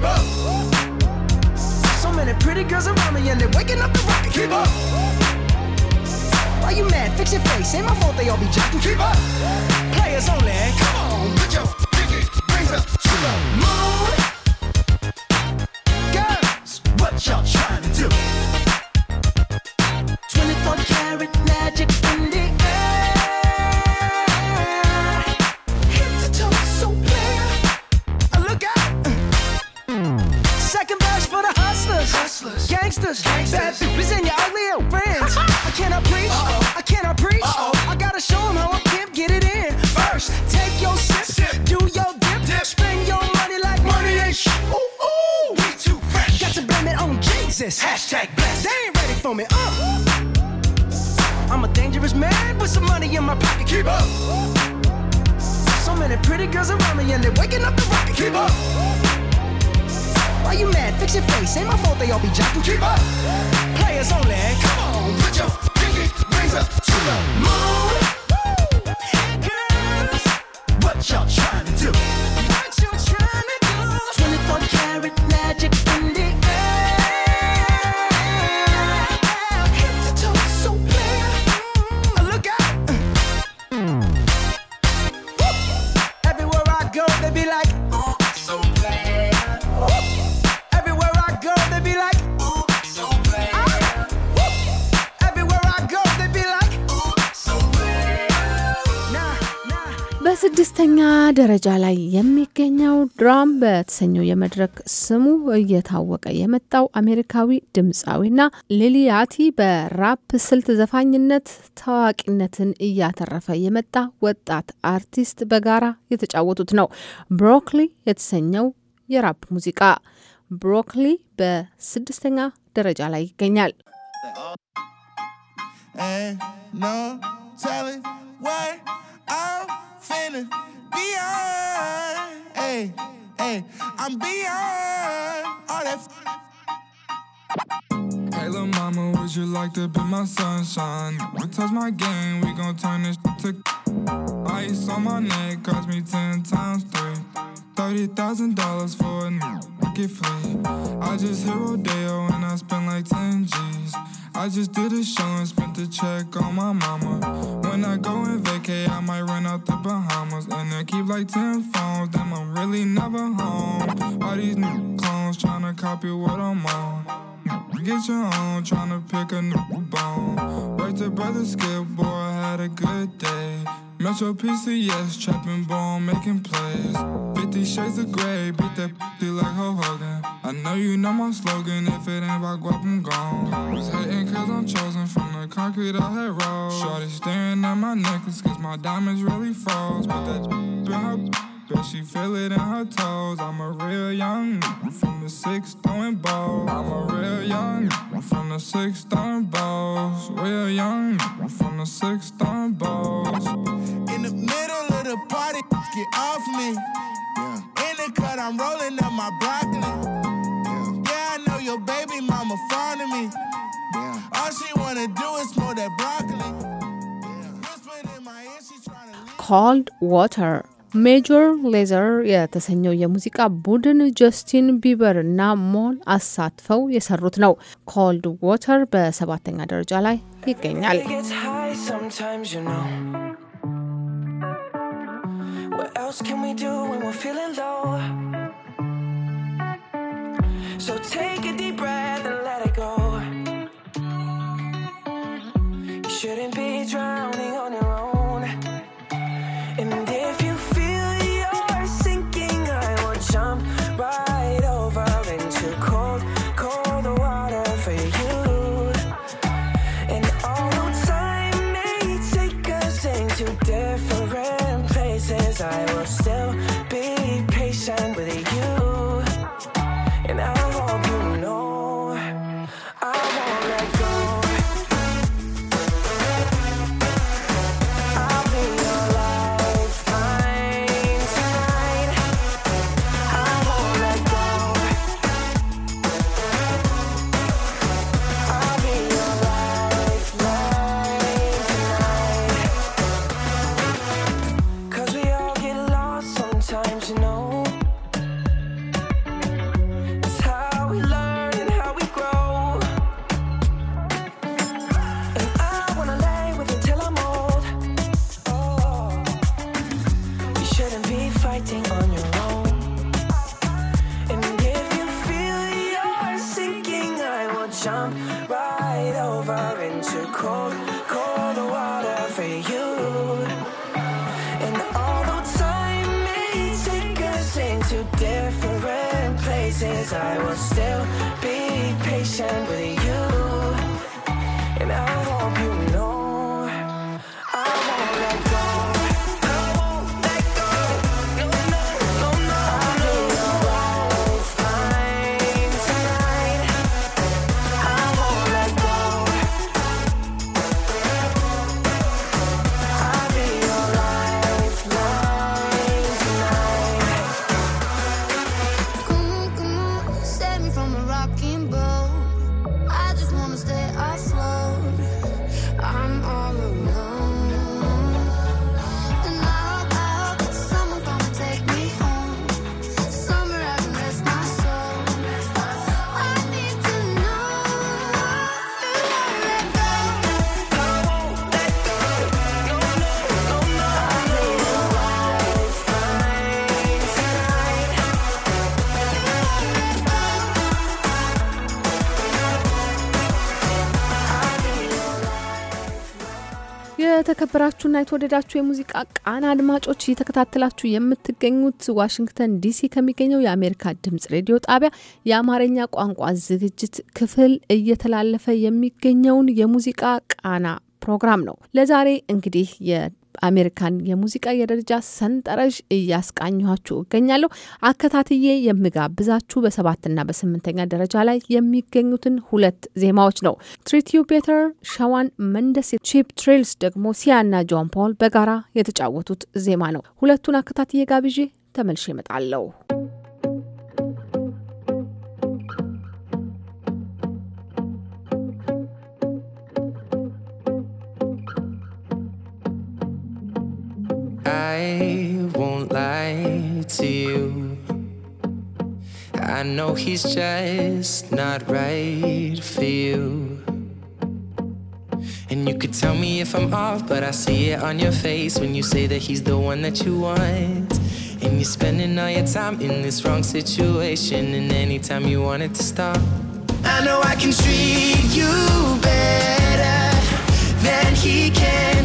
Keep up. So many pretty girls around me and they're waking up the rocket. Keep up. Why you mad? Fix your face. Ain't my fault they all be jacking. Keep up. Players only. Come on, put ደረጃ ላይ የሚገኘው ድራም በተሰኘው የመድረክ ስሙ እየታወቀ የመጣው አሜሪካዊ ድምፃዊና ሊሊያቲ በራፕ ስልት ዘፋኝነት ታዋቂነትን እያተረፈ የመጣ ወጣት አርቲስት በጋራ የተጫወቱት ነው። ብሮክሊ የተሰኘው የራፕ ሙዚቃ ብሮክሊ በስድስተኛ ደረጃ ላይ ይገኛል። eh, finna be on. Hey, hey, I'm beyond all that. Hey, little mama, would you like to be my sunshine? We touch my game, we gon' turn this to ice on my neck. Cost me ten times three. Thirty thousand dollars for a new get free. I just hit Rodeo and I spend like ten G's. I just did a show and spent the check on my mama. When I go and vacay, I might run out the Bahamas. And I keep like 10 phones, then I'm really never home. All these new clones trying to copy what I'm on. Get your own, tryna pick a new bone. Worked the brother skip, boy, I had a good day. Metro PCS, trapping bone, making plays. 50 shades of gray, beat that p like Ho Hogan. I know you know my slogan, if it ain't about guap, I'm gone. Was hating cause I'm chosen from the concrete I had rolled. Shorty staring at my necklace, cause my diamonds really froze. But that Bet she feel it in her toes. I'm a real young from the six throwing balls. I'm a real young from the six throwing balls. Real young from the six throwing balls. In the middle of the party, get off me. Yeah. In the cut, I'm rolling up my broccoli. Yeah, yeah I know your baby mama fond of me. Yeah. All she wanna do is smoke that broccoli. Yeah. Cold water ሜጆር ሌዘር የተሰኘው የሙዚቃ ቡድን ጀስቲን ቢበር እና ሞን አሳትፈው የሰሩት ነው። ኮልድ ዎተር በሰባተኛ ደረጃ ላይ ይገኛል። So take a deep breath የተከበራችሁና የተወደዳችሁ የሙዚቃ ቃና አድማጮች እየተከታተላችሁ የምትገኙት ዋሽንግተን ዲሲ ከሚገኘው የአሜሪካ ድምጽ ሬዲዮ ጣቢያ የአማርኛ ቋንቋ ዝግጅት ክፍል እየተላለፈ የሚገኘውን የሙዚቃ ቃና ፕሮግራም ነው። ለዛሬ እንግዲህ አሜሪካን የሙዚቃ የደረጃ ሰንጠረዥ እያስቃኘኋችሁ እገኛለሁ። አከታትዬ የምጋብዛችሁ በሰባትና በስምንተኛ ደረጃ ላይ የሚገኙትን ሁለት ዜማዎች ነው። ትሪት ዩ ቤተር ሸዋን መንደስ፣ ቺፕ ትሪልስ ደግሞ ሲያና ጆን ፖል በጋራ የተጫወቱት ዜማ ነው። ሁለቱን አከታትዬ ጋብዤ ተመልሼ እመጣለሁ። I won't lie to you. I know he's just not right for you. And you could tell me if I'm off, but I see it on your face when you say that he's the one that you want. And you're spending all your time in this wrong situation, and anytime you want it to stop. I know I can treat you better than he can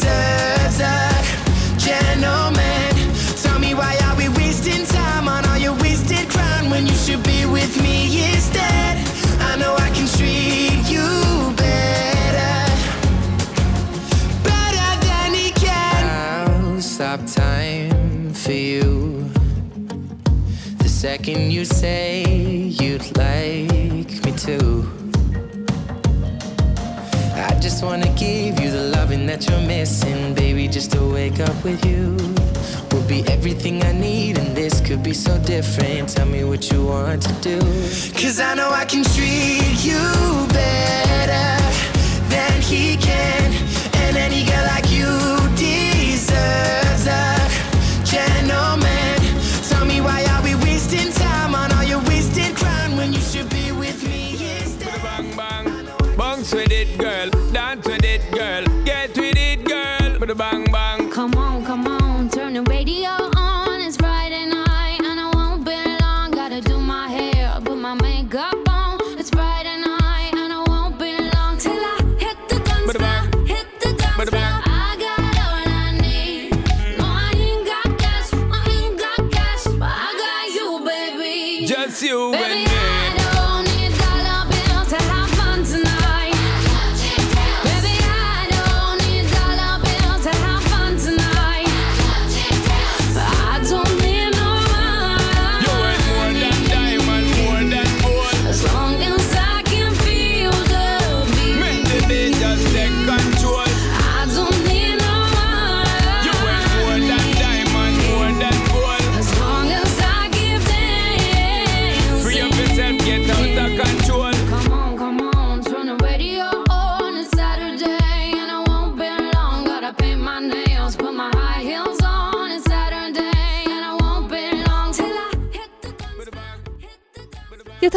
deserves a gentleman. Tell me why are we wasting time on all your wasted crown when you should be with me instead? I know I can treat you better, better than he can. I'll stop time for you. The second you say you'd like me to. I just wanna give you the love that you're missing, baby. Just to wake up with you would be everything I need, and this could be so different. Tell me what you want to do. Cause I know I can treat you better than he can.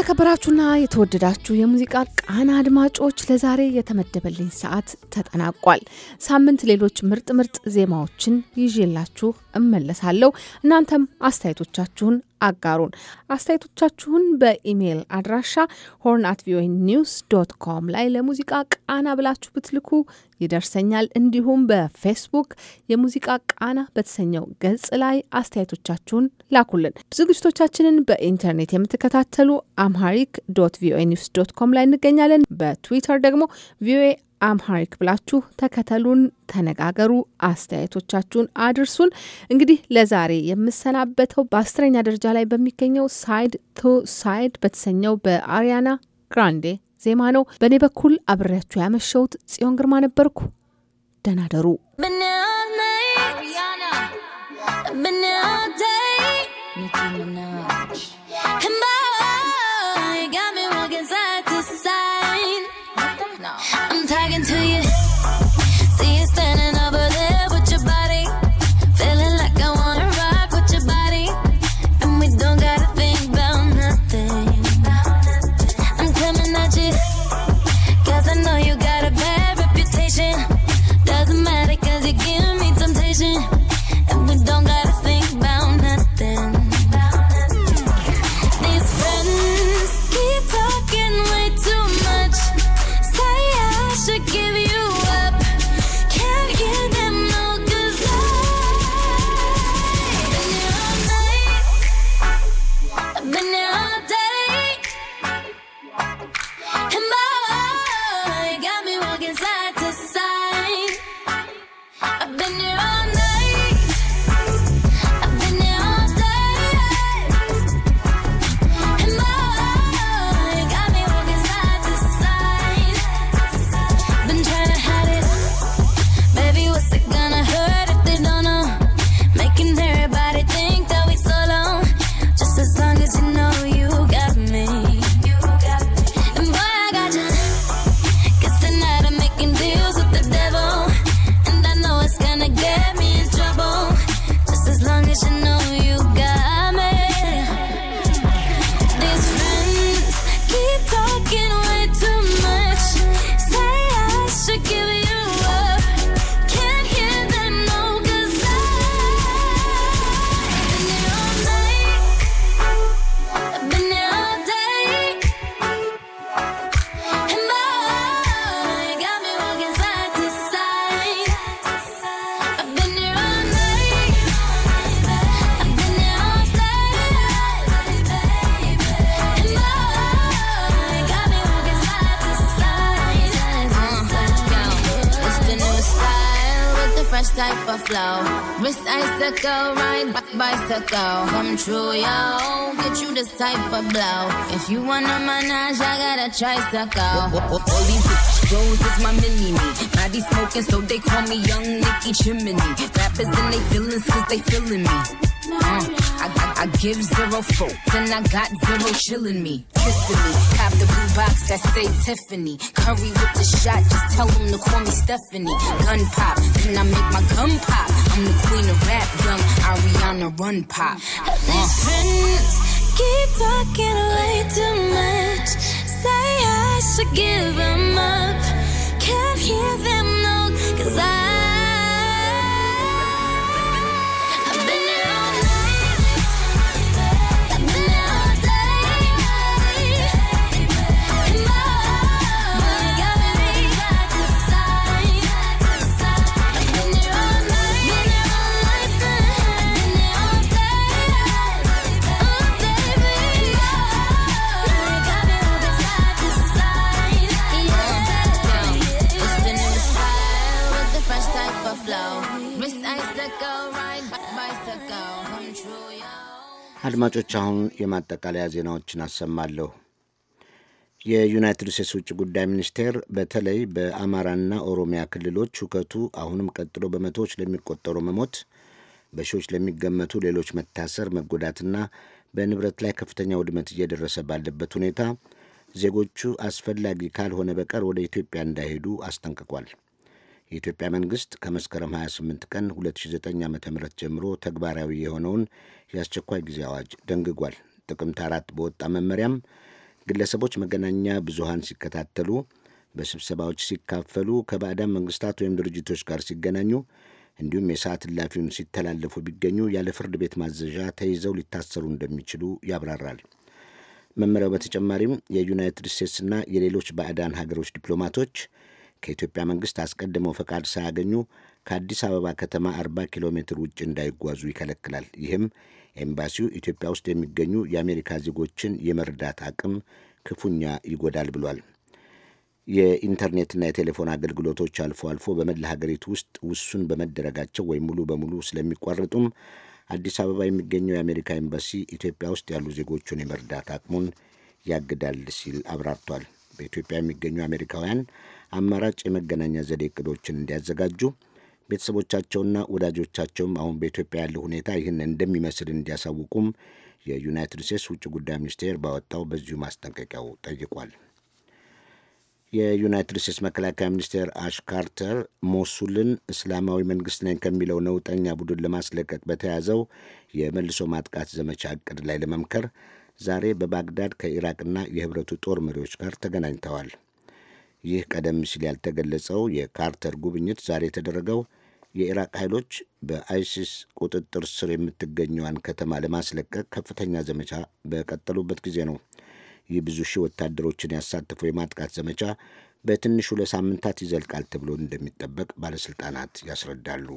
የተከበራችሁና የተወደዳችሁ የሙዚቃ ቃና አድማጮች ለዛሬ የተመደበልኝ ሰዓት ተጠናቋል። ሳምንት ሌሎች ምርጥ ምርጥ ዜማዎችን ይዤላችሁ እመለሳለሁ። እናንተም አስተያየቶቻችሁን አጋሩን። አስተያየቶቻችሁን በኢሜይል አድራሻ ሆርን አት ቪኦኤ ኒውስ ዶት ኮም ላይ ለሙዚቃ ቃና ብላችሁ ብትልኩ ይደርሰኛል። እንዲሁም በፌስቡክ የሙዚቃ ቃና በተሰኘው ገጽ ላይ አስተያየቶቻችሁን ላኩልን። ዝግጅቶቻችንን በኢንተርኔት የምትከታተሉ አምሃሪክ ዶት ቪኦኤ ኒውስ ዶት ኮም ላይ እንገኛለን። በትዊተር ደግሞ ቪኦኤ አምሃሪክ ብላችሁ ተከተሉን፣ ተነጋገሩ፣ አስተያየቶቻችሁን አድርሱን። እንግዲህ ለዛሬ የምሰናበተው በአስረኛ ደረጃ ላይ በሚገኘው ሳይድ ቱ ሳይድ በተሰኘው በአሪያና ግራንዴ ዜማ ነው። በእኔ በኩል አብሬያችሁ ያመሸሁት ጽዮን ግርማ ነበርኩ። ደናደሩ talking to you. See you standing over there with your body. Feeling like I wanna rock with your body. And we don't gotta think about nothing. I'm coming at you. Cause I know you got a bad reputation. Doesn't matter cause you give me temptation. And we don't gotta tries to go. All these bros is my mini me. Body smoking, so they call me Young Nicky Chimney. Rappers and they feelin' cause they feeling me. Uh, I, I, I give zero folk, then I got zero chillin' me, Kiss me. Cop the blue box that say Tiffany. Curry with the shot, just tell them to call me Stephanie. Gun pop, then I make my gun pop. I'm the queen of rap, young Ariana Run Pop. Uh. These friends keep talking way too much wish I give them up. Can't hear them, no, cause I አድማጮች አሁን የማጠቃለያ ዜናዎችን አሰማለሁ። የዩናይትድ ስቴትስ ውጭ ጉዳይ ሚኒስቴር በተለይ በአማራና ኦሮሚያ ክልሎች ሁከቱ አሁንም ቀጥሎ በመቶዎች ለሚቆጠሩ መሞት፣ በሺዎች ለሚገመቱ ሌሎች መታሰር፣ መጎዳትና በንብረት ላይ ከፍተኛ ውድመት እየደረሰ ባለበት ሁኔታ ዜጎቹ አስፈላጊ ካልሆነ በቀር ወደ ኢትዮጵያ እንዳይሄዱ አስጠንቅቋል። የኢትዮጵያ መንግሥት ከመስከረም 28 ቀን 2009 ዓ ም ጀምሮ ተግባራዊ የሆነውን የአስቸኳይ ጊዜ አዋጅ ደንግጓል። ጥቅምት አራት በወጣ መመሪያም ግለሰቦች መገናኛ ብዙሃን ሲከታተሉ፣ በስብሰባዎች ሲካፈሉ፣ ከባዕዳን መንግስታት ወይም ድርጅቶች ጋር ሲገናኙ እንዲሁም የሰዓት እላፊውን ሲተላለፉ ቢገኙ ያለ ፍርድ ቤት ማዘዣ ተይዘው ሊታሰሩ እንደሚችሉ ያብራራል። መመሪያው በተጨማሪም የዩናይትድ ስቴትስና የሌሎች ባዕዳን ሀገሮች ዲፕሎማቶች ከኢትዮጵያ መንግስት አስቀድመው ፈቃድ ሳያገኙ ከአዲስ አበባ ከተማ 40 ኪሎ ሜትር ውጭ እንዳይጓዙ ይከለክላል። ይህም ኤምባሲው ኢትዮጵያ ውስጥ የሚገኙ የአሜሪካ ዜጎችን የመርዳት አቅም ክፉኛ ይጎዳል ብሏል። የኢንተርኔትና የቴሌፎን አገልግሎቶች አልፎ አልፎ በመላ ሀገሪቱ ውስጥ ውሱን በመደረጋቸው ወይም ሙሉ በሙሉ ስለሚቋረጡም አዲስ አበባ የሚገኘው የአሜሪካ ኤምባሲ ኢትዮጵያ ውስጥ ያሉ ዜጎቹን የመርዳት አቅሙን ያግዳል ሲል አብራርቷል። በኢትዮጵያ የሚገኙ አሜሪካውያን አማራጭ የመገናኛ ዘዴ እቅዶችን እንዲያዘጋጁ ቤተሰቦቻቸውና ወዳጆቻቸውም አሁን በኢትዮጵያ ያለው ሁኔታ ይህን እንደሚመስል እንዲያሳውቁም የዩናይትድ ስቴትስ ውጭ ጉዳይ ሚኒስቴር ባወጣው በዚሁ ማስጠንቀቂያው ጠይቋል። የዩናይትድ ስቴትስ መከላከያ ሚኒስቴር አሽ ካርተር ሞሱልን እስላማዊ መንግስት ነኝ ከሚለው ነውጠኛ ቡድን ለማስለቀቅ በተያዘው የመልሶ ማጥቃት ዘመቻ እቅድ ላይ ለመምከር ዛሬ በባግዳድ ከኢራቅና የህብረቱ ጦር መሪዎች ጋር ተገናኝተዋል። ይህ ቀደም ሲል ያልተገለጸው የካርተር ጉብኝት ዛሬ የተደረገው የኢራቅ ኃይሎች በአይሲስ ቁጥጥር ስር የምትገኘዋን ከተማ ለማስለቀቅ ከፍተኛ ዘመቻ በቀጠሉበት ጊዜ ነው። ይህ ብዙ ሺህ ወታደሮችን ያሳተፈው የማጥቃት ዘመቻ በትንሹ ለሳምንታት ይዘልቃል ተብሎ እንደሚጠበቅ ባለሥልጣናት ያስረዳሉ።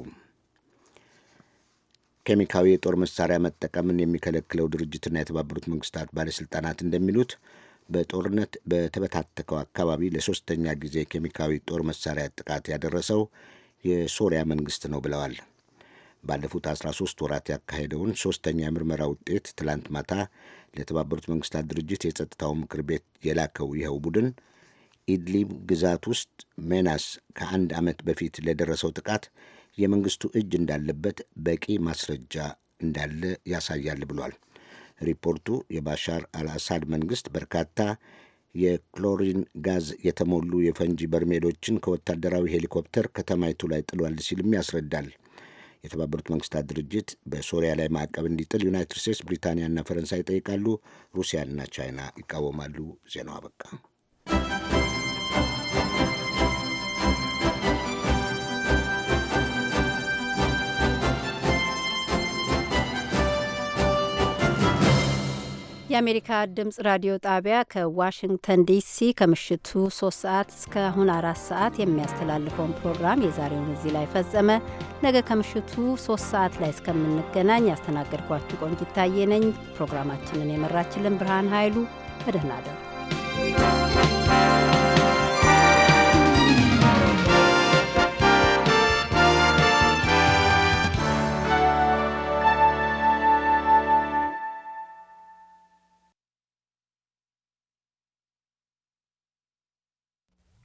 ኬሚካዊ የጦር መሳሪያ መጠቀምን የሚከለክለው ድርጅትና የተባበሩት መንግስታት ባለሥልጣናት እንደሚሉት በጦርነት በተበታተከው አካባቢ ለሶስተኛ ጊዜ ኬሚካዊ ጦር መሳሪያ ጥቃት ያደረሰው የሶሪያ መንግስት ነው ብለዋል። ባለፉት 13 ወራት ያካሄደውን ሶስተኛ የምርመራ ውጤት ትላንት ማታ ለተባበሩት መንግስታት ድርጅት የጸጥታው ምክር ቤት የላከው ይኸው ቡድን ኢድሊብ ግዛት ውስጥ ሜናስ ከአንድ ዓመት በፊት ለደረሰው ጥቃት የመንግስቱ እጅ እንዳለበት በቂ ማስረጃ እንዳለ ያሳያል ብሏል። ሪፖርቱ የባሻር አልአሳድ መንግስት በርካታ የክሎሪን ጋዝ የተሞሉ የፈንጂ በርሜሎችን ከወታደራዊ ሄሊኮፕተር ከተማይቱ ላይ ጥሏል ሲልም ያስረዳል። የተባበሩት መንግስታት ድርጅት በሶሪያ ላይ ማዕቀብ እንዲጥል ዩናይትድ ስቴትስ፣ ብሪታንያና ፈረንሳይ ይጠይቃሉ። ሩሲያና ቻይና ይቃወማሉ። ዜናው አበቃ። የአሜሪካ ድምፅ ራዲዮ ጣቢያ ከዋሽንግተን ዲሲ ከምሽቱ 3 ሰዓት እስከ አሁን አራት ሰዓት የሚያስተላልፈውን ፕሮግራም የዛሬውን እዚህ ላይ ፈጸመ። ነገ ከምሽቱ 3 ሰዓት ላይ እስከምንገናኝ ያስተናገድኳችሁ ቆንጅት ታየ ነኝ። ፕሮግራማችንን የመራችልን ብርሃን ኃይሉ በደህና ደሩ።